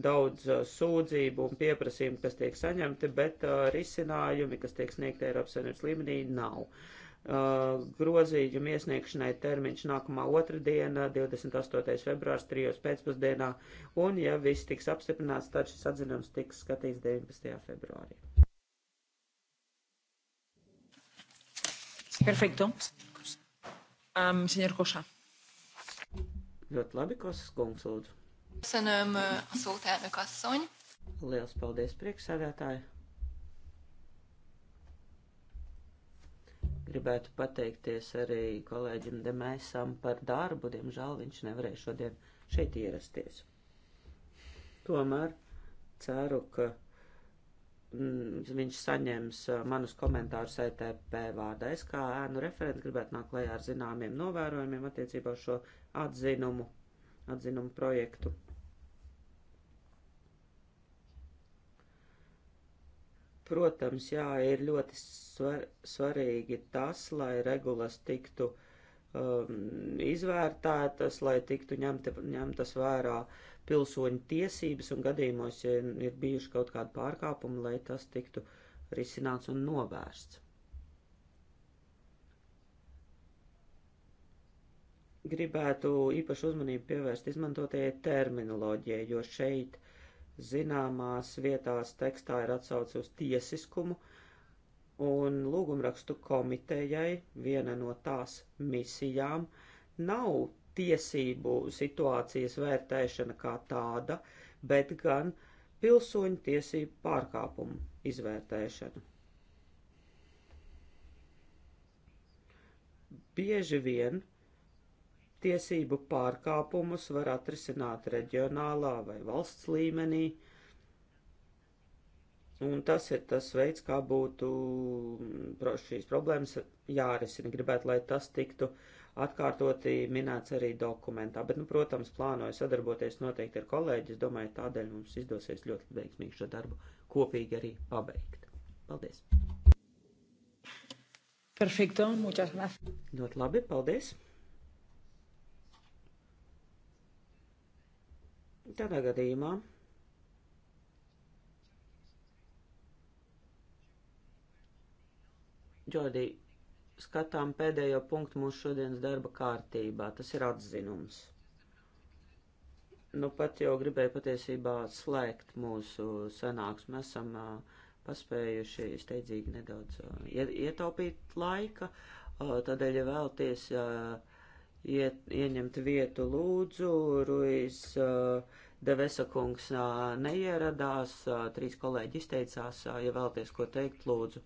daudz uh, sūdzību un pieprasījumu, kas tiek saņemti, bet uh, risinājumi, kas tiek sniegti Eiropas Savienības līmenī, nav. Uh, grozījumu iesniegšanai termiņš nākamā otrdiena, 28. februārs, 3. pēcpusdienā, un, ja viss tiks apstiprināts, tad šis atzinums tiks skatīts 19. februārī. Perfekto. Um, Señor Kosa. Ļoti labi, Kosas kungs, lūdzu. Köszönöm a szót, elnök asszony. Liels paldies, priekšsēdētāji. Gribētu pateikties arī kolēģim Demēsam par darbu. Diemžēl viņš nevarēja šodien šeit ierasties. Tomēr ceru, ka mm, viņš saņems manus komentārus ETP vārdā. Es kā ēnu referents gribētu nākt klajā ar zināmiem novērojumiem attiecībā uz šo atzinumu, atzinumu projektu. Protams, jā, ir ļoti svar, svarīgi tas, lai regulas tiktu um, izvērtētas, lai tiktu ņemta, ņemtas vērā pilsoņu tiesības un gadījumos, ja ir bijuši kaut kādi pārkāpumi, lai tas tiktu risināts un novērsts. Gribētu īpašu uzmanību pievērst izmantotajai terminoloģijai, jo šeit zināmās vietās tekstā ir atsauce uz tiesiskumu, un lūgumrakstu komitejai viena no tās misijām nav tiesību situācijas vērtēšana kā tāda, bet gan pilsoņu tiesību pārkāpumu izvērtēšana. Bieži vien tiesību pārkāpumus var atrisināt reģionālā vai valsts līmenī. Un tas ir tas veids, kā būtu šīs problēmas jārisina. Gribētu, lai tas tiktu atkārtoti minēts arī dokumentā. Bet, nu, protams, plānoju sadarboties noteikti ar kolēģi. Es domāju, tādēļ mums izdosies ļoti veiksmīgi šo darbu kopīgi arī pabeigt. Paldies! Perfekto, muchas gracias. Ļoti labi, paldies! Tādā gadījumā Džodī, skatām pēdējo punktu mūsu šodienas darba kārtībā. Tas ir atzinums. Nu, pat jau gribēju patiesībā slēgt mūsu sanāksmi. Mēs esam uh, paspējuši steidzīgi nedaudz uh, ietaupīt laika, uh, tādēļ, ja vēlties uh, iet, ieņemt vietu lūdzu, Ruiz. Uh, Devesa kungs neieradās, trīs kolēģi izteicās, ja vēlties ko teikt, lūdzu.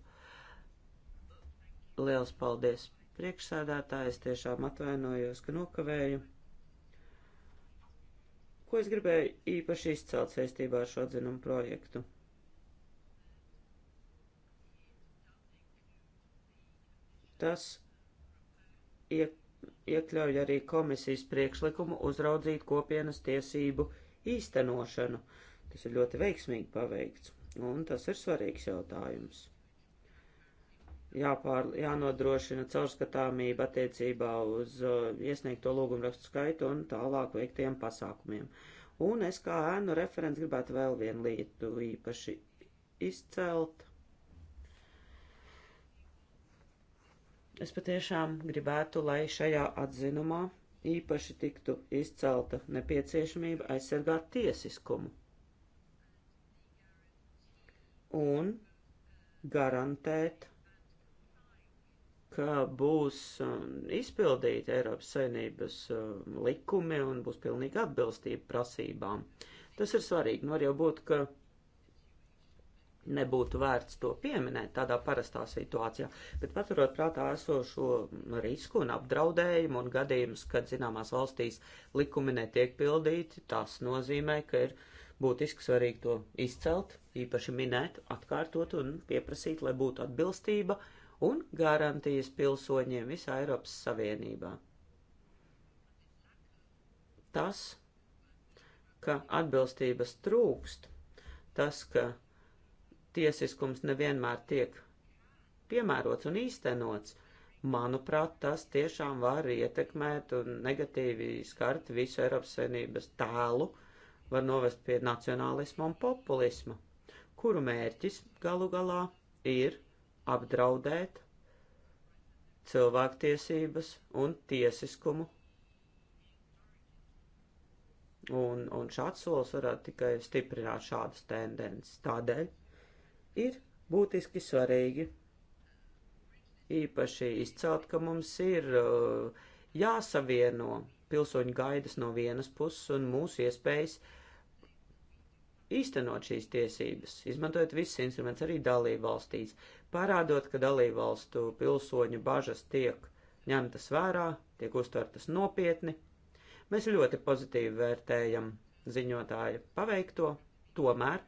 Liels paldies priekšsēdētājs, tiešām atvainojos, ka nokavēju. Ko es gribēju īpaši izcelt saistībā ar šo atzinumu projektu? Tas iek, iekļauj arī komisijas priekšlikumu uzraudzīt kopienas tiesību īstenošanu. Tas ir ļoti veiksmīgi paveikts, un tas ir svarīgs jautājums. Jāpār, jānodrošina caurskatāmība attiecībā uz uh, iesniegto lūgumrakstu skaitu un tālāk veiktiem pasākumiem. Un es kā ēnu referents gribētu vēl vienu lietu īpaši izcelt. Es patiešām gribētu, lai šajā atzinumā īpaši tiktu izcelta nepieciešamība aizsargāt tiesiskumu un garantēt, ka būs um, izpildīti Eiropas saimnības um, likumi un būs pilnīga atbilstība prasībām. Tas ir svarīgi. Nu, var jau būt, ka nebūtu vērts to pieminēt tādā parastā situācijā, bet paturot prātā esošo risku un apdraudējumu un gadījumus, kad zināmās valstīs likumi netiek pildīti, tas nozīmē, ka ir būtiski svarīgi to izcelt, īpaši minēt, atkārtot un pieprasīt, lai būtu atbilstība un garantijas pilsoņiem visā Eiropas Savienībā. Tas, ka atbilstības trūkst, tas, ka tiesiskums nevienmēr tiek piemērots un īstenots, manuprāt, tas tiešām var ietekmēt un negatīvi skart visu Eiropas Savienības tēlu, var novest pie nacionālisma un populisma, kuru mērķis galu galā ir apdraudēt cilvēktiesības un tiesiskumu. Un, un šāds solis varētu tikai stiprināt šādas tendences. Tādēļ ir būtiski svarīgi. Īpaši izcelt, ka mums ir uh, jāsavieno pilsoņu gaidas no vienas puses un mūsu iespējas īstenot šīs tiesības, izmantojot visus instrumentus arī dalību valstīs, parādot, ka dalību valstu pilsoņu bažas tiek ņemtas vērā, tiek uztvertas nopietni. Mēs ļoti pozitīvi vērtējam ziņotāju paveikto, tomēr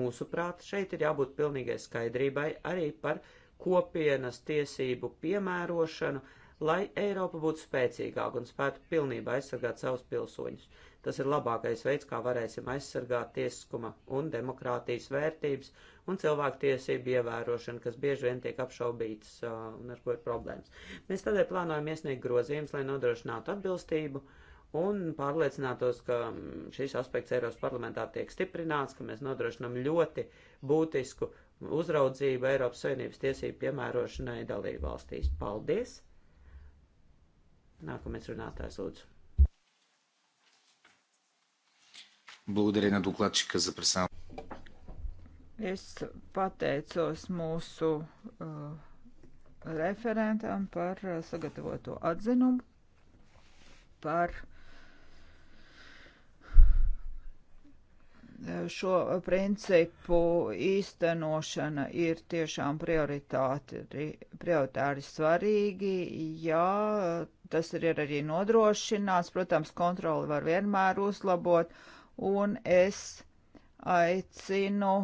Mūsuprāt, šeit ir jābūt pilnīgai skaidrībai arī par kopienas tiesību piemērošanu, lai Eiropa būtu spēcīgāka un spētu pilnībā aizsargāt savus pilsoņus. Tas ir labākais veids, kā varēsim aizsargāt tiesiskuma un demokrātijas vērtības un cilvēktiesību ievērošanu, kas bieži vien tiek apšaubītas uh, un ar ko ir problēmas. Mēs tādēļ plānojam iesniegt grozījumus, lai nodrošinātu atbilstību uh, un pārliecinātos, ka mm, šis aspekts Eiropas parlamentā tiek stiprināts, ka mēs nodrošinam ļoti būtisku uzraudzību Eiropas Savienības tiesību piemērošanai dalību valstīs. Paldies! Nākamais runātājs lūdzu. Благодаря на докладчика за представянето. Es pateicos mūsu uh, referentam par uh, sagatavoto atzinumu par šo principu īstenošana ir tiešām prioritāri svarīgi. Jā, tas ir arī nodrošināts. Protams, kontroli var vienmēr uzlabot, un es aicinu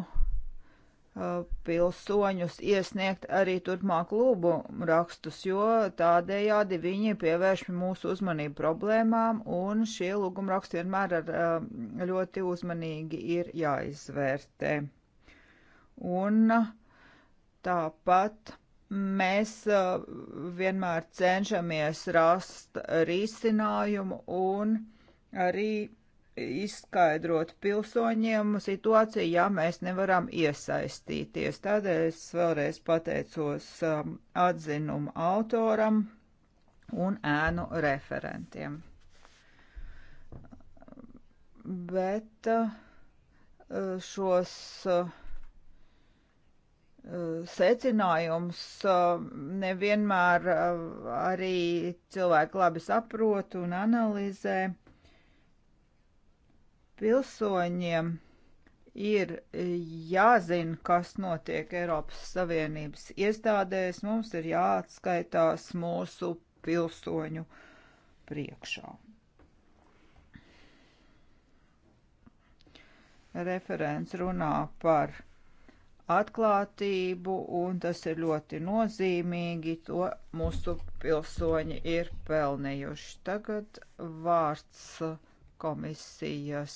Uh, pilsoņus iesniegt arī turpmāk lūbu rakstus, jo tādējādi viņi pievērš mūsu uzmanību problēmām, un šie lūguma raksti vienmēr ar, uh, ļoti uzmanīgi ir jāizvērtē. Un uh, tāpat mēs vienmēr cenšamies rast risinājumu un arī izskaidrot pilsoņiem situāciju, ja mēs nevaram iesaistīties. Tādēļ es vēlreiz pateicos um, atzinumu autoram un ēnu referentiem. Bet uh, šos uh, secinājums uh, nevienmēr arī cilvēki labi saprot un analizē pilsoņiem ir jāzina, kas notiek Eiropas Savienības iestādēs, mums ir jāatskaitās mūsu pilsoņu priekšā. Referents runā par atklātību, un tas ir ļoti nozīmīgi. To mūsu pilsoņi ir pelnījuši. Tagad vārds uh, komisijas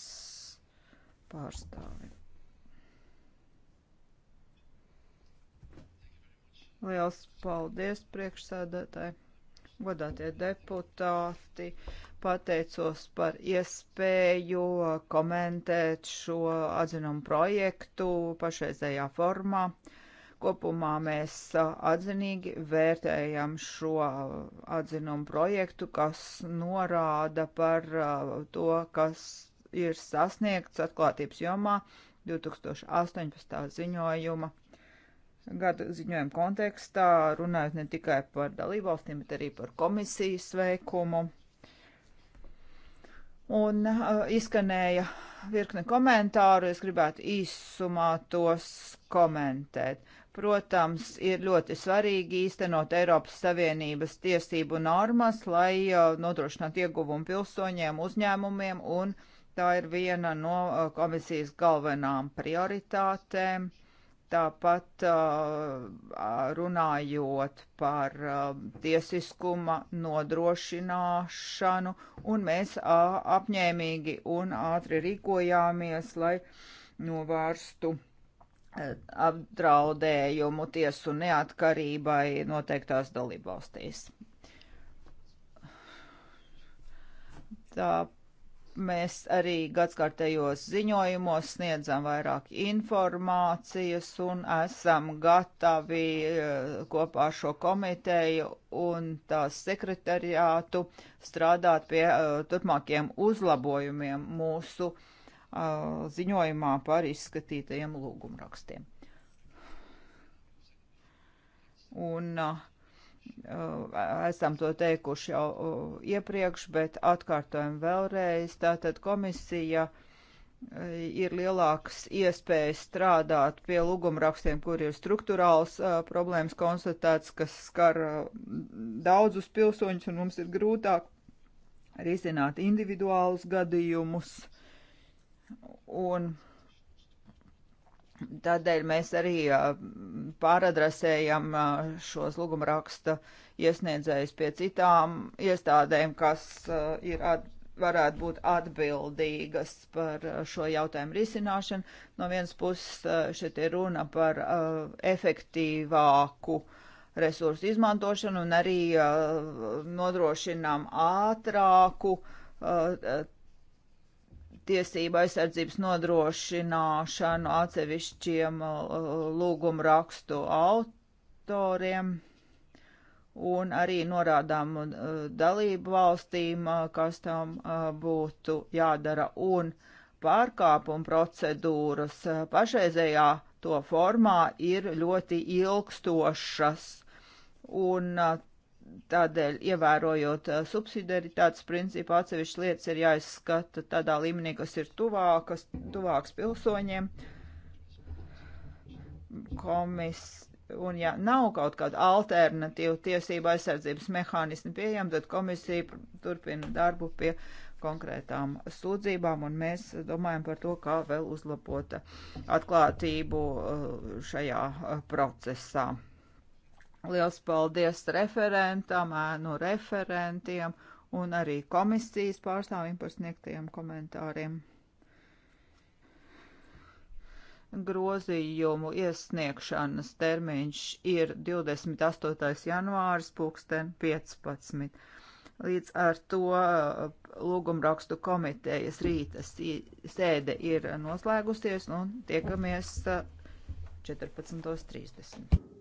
pārstāvi. Liels paldies priekšsēdētāji, godātie deputāti, pateicos par iespēju komentēt šo atzinumu projektu pašreizējā formā. Kopumā mēs atzinīgi vērtējam šo atzinumu projektu, kas norāda par to, kas ir sasniegts atklātības jomā 2018. ziņojuma gada ziņojuma kontekstā, runājot ne tikai par dalībvalstīm, bet arī par komisijas veikumu. Un uh, izskanēja virkne komentāru, es gribētu īsumā tos komentēt. Protams, ir ļoti svarīgi īstenot Eiropas Savienības tiesību normas, lai uh, nodrošinātu ieguvumu pilsoņiem, uzņēmumiem, un tā ir viena no uh, komisijas galvenām prioritātēm. Tāpat uh, runājot par tiesiskuma nodrošināšanu, un mēs apņēmīgi un ātri rīkojāmies, lai novērstu. Nu, apdraudējumu tiesu neatkarībai noteiktās dalībvalstīs. Tā mēs arī gadskārtējos ziņojumos sniedzam vairāk informācijas un esam gatavi eh, kopā ar šo komiteju un tās sekretariātu strādāt pie eh, turpmākiem uzlabojumiem mūsu uh, ziņojumā par izskatītajiem lūgumrakstiem. Un uh, esam to teikuši jau iepriekš, bet atkārtojam vēlreiz. Tātad komisija ir lielāks iespējas strādāt pie lūgumrakstiem, kur ir struktūrāls problēmas konstatēts, kas skar daudzus pilsoņus, un mums ir grūtāk risināt individuālus gadījumus. Uh, Un tādēļ mēs arī pāradresējam šos lūgumraksta iesniedzējus pie citām iestādēm, kas ir at, varētu būt atbildīgas par šo jautājumu risināšanu. No vienas puses šeit ir runa par uh, efektīvāku resursu izmantošanu un arī uh, nodrošinām ātrāku uh, tiesību aizsardzības nodrošināšanu atsevišķiem uh, lūgumu rakstu autoriem un arī norādām uh, dalību valstīm, uh, kas tam būtu jādara un pārkāpuma procedūras pašreizējā to formā ir ļoti ilgstošas un Tādēļ, ievērojot subsidiaritātes principu, atsevišķas lietas ir jāizskata tādā līmenī, kas ir tuvākas, tuvāks pilsoņiem. Komis, un ja nav kaut kāda alternatīva tiesība aizsardzības mehānismi pieejama, tad komisija turpina darbu pie konkrētām sūdzībām, un mēs domājam par to, kā vēl uzlabota atklātību šajā procesā. Liels paldies referentam, ēnu referentiem un arī komisijas pārstāvjiem par sniegtajiem komentāriem. Grozījumu iesniegšanas termiņš ir 28. janvāris, pulksten 15. Līdz ar to uh, lūgumrakstu komitejas rītas sēde ir noslēgusies un tiekamies 14.30. Uh,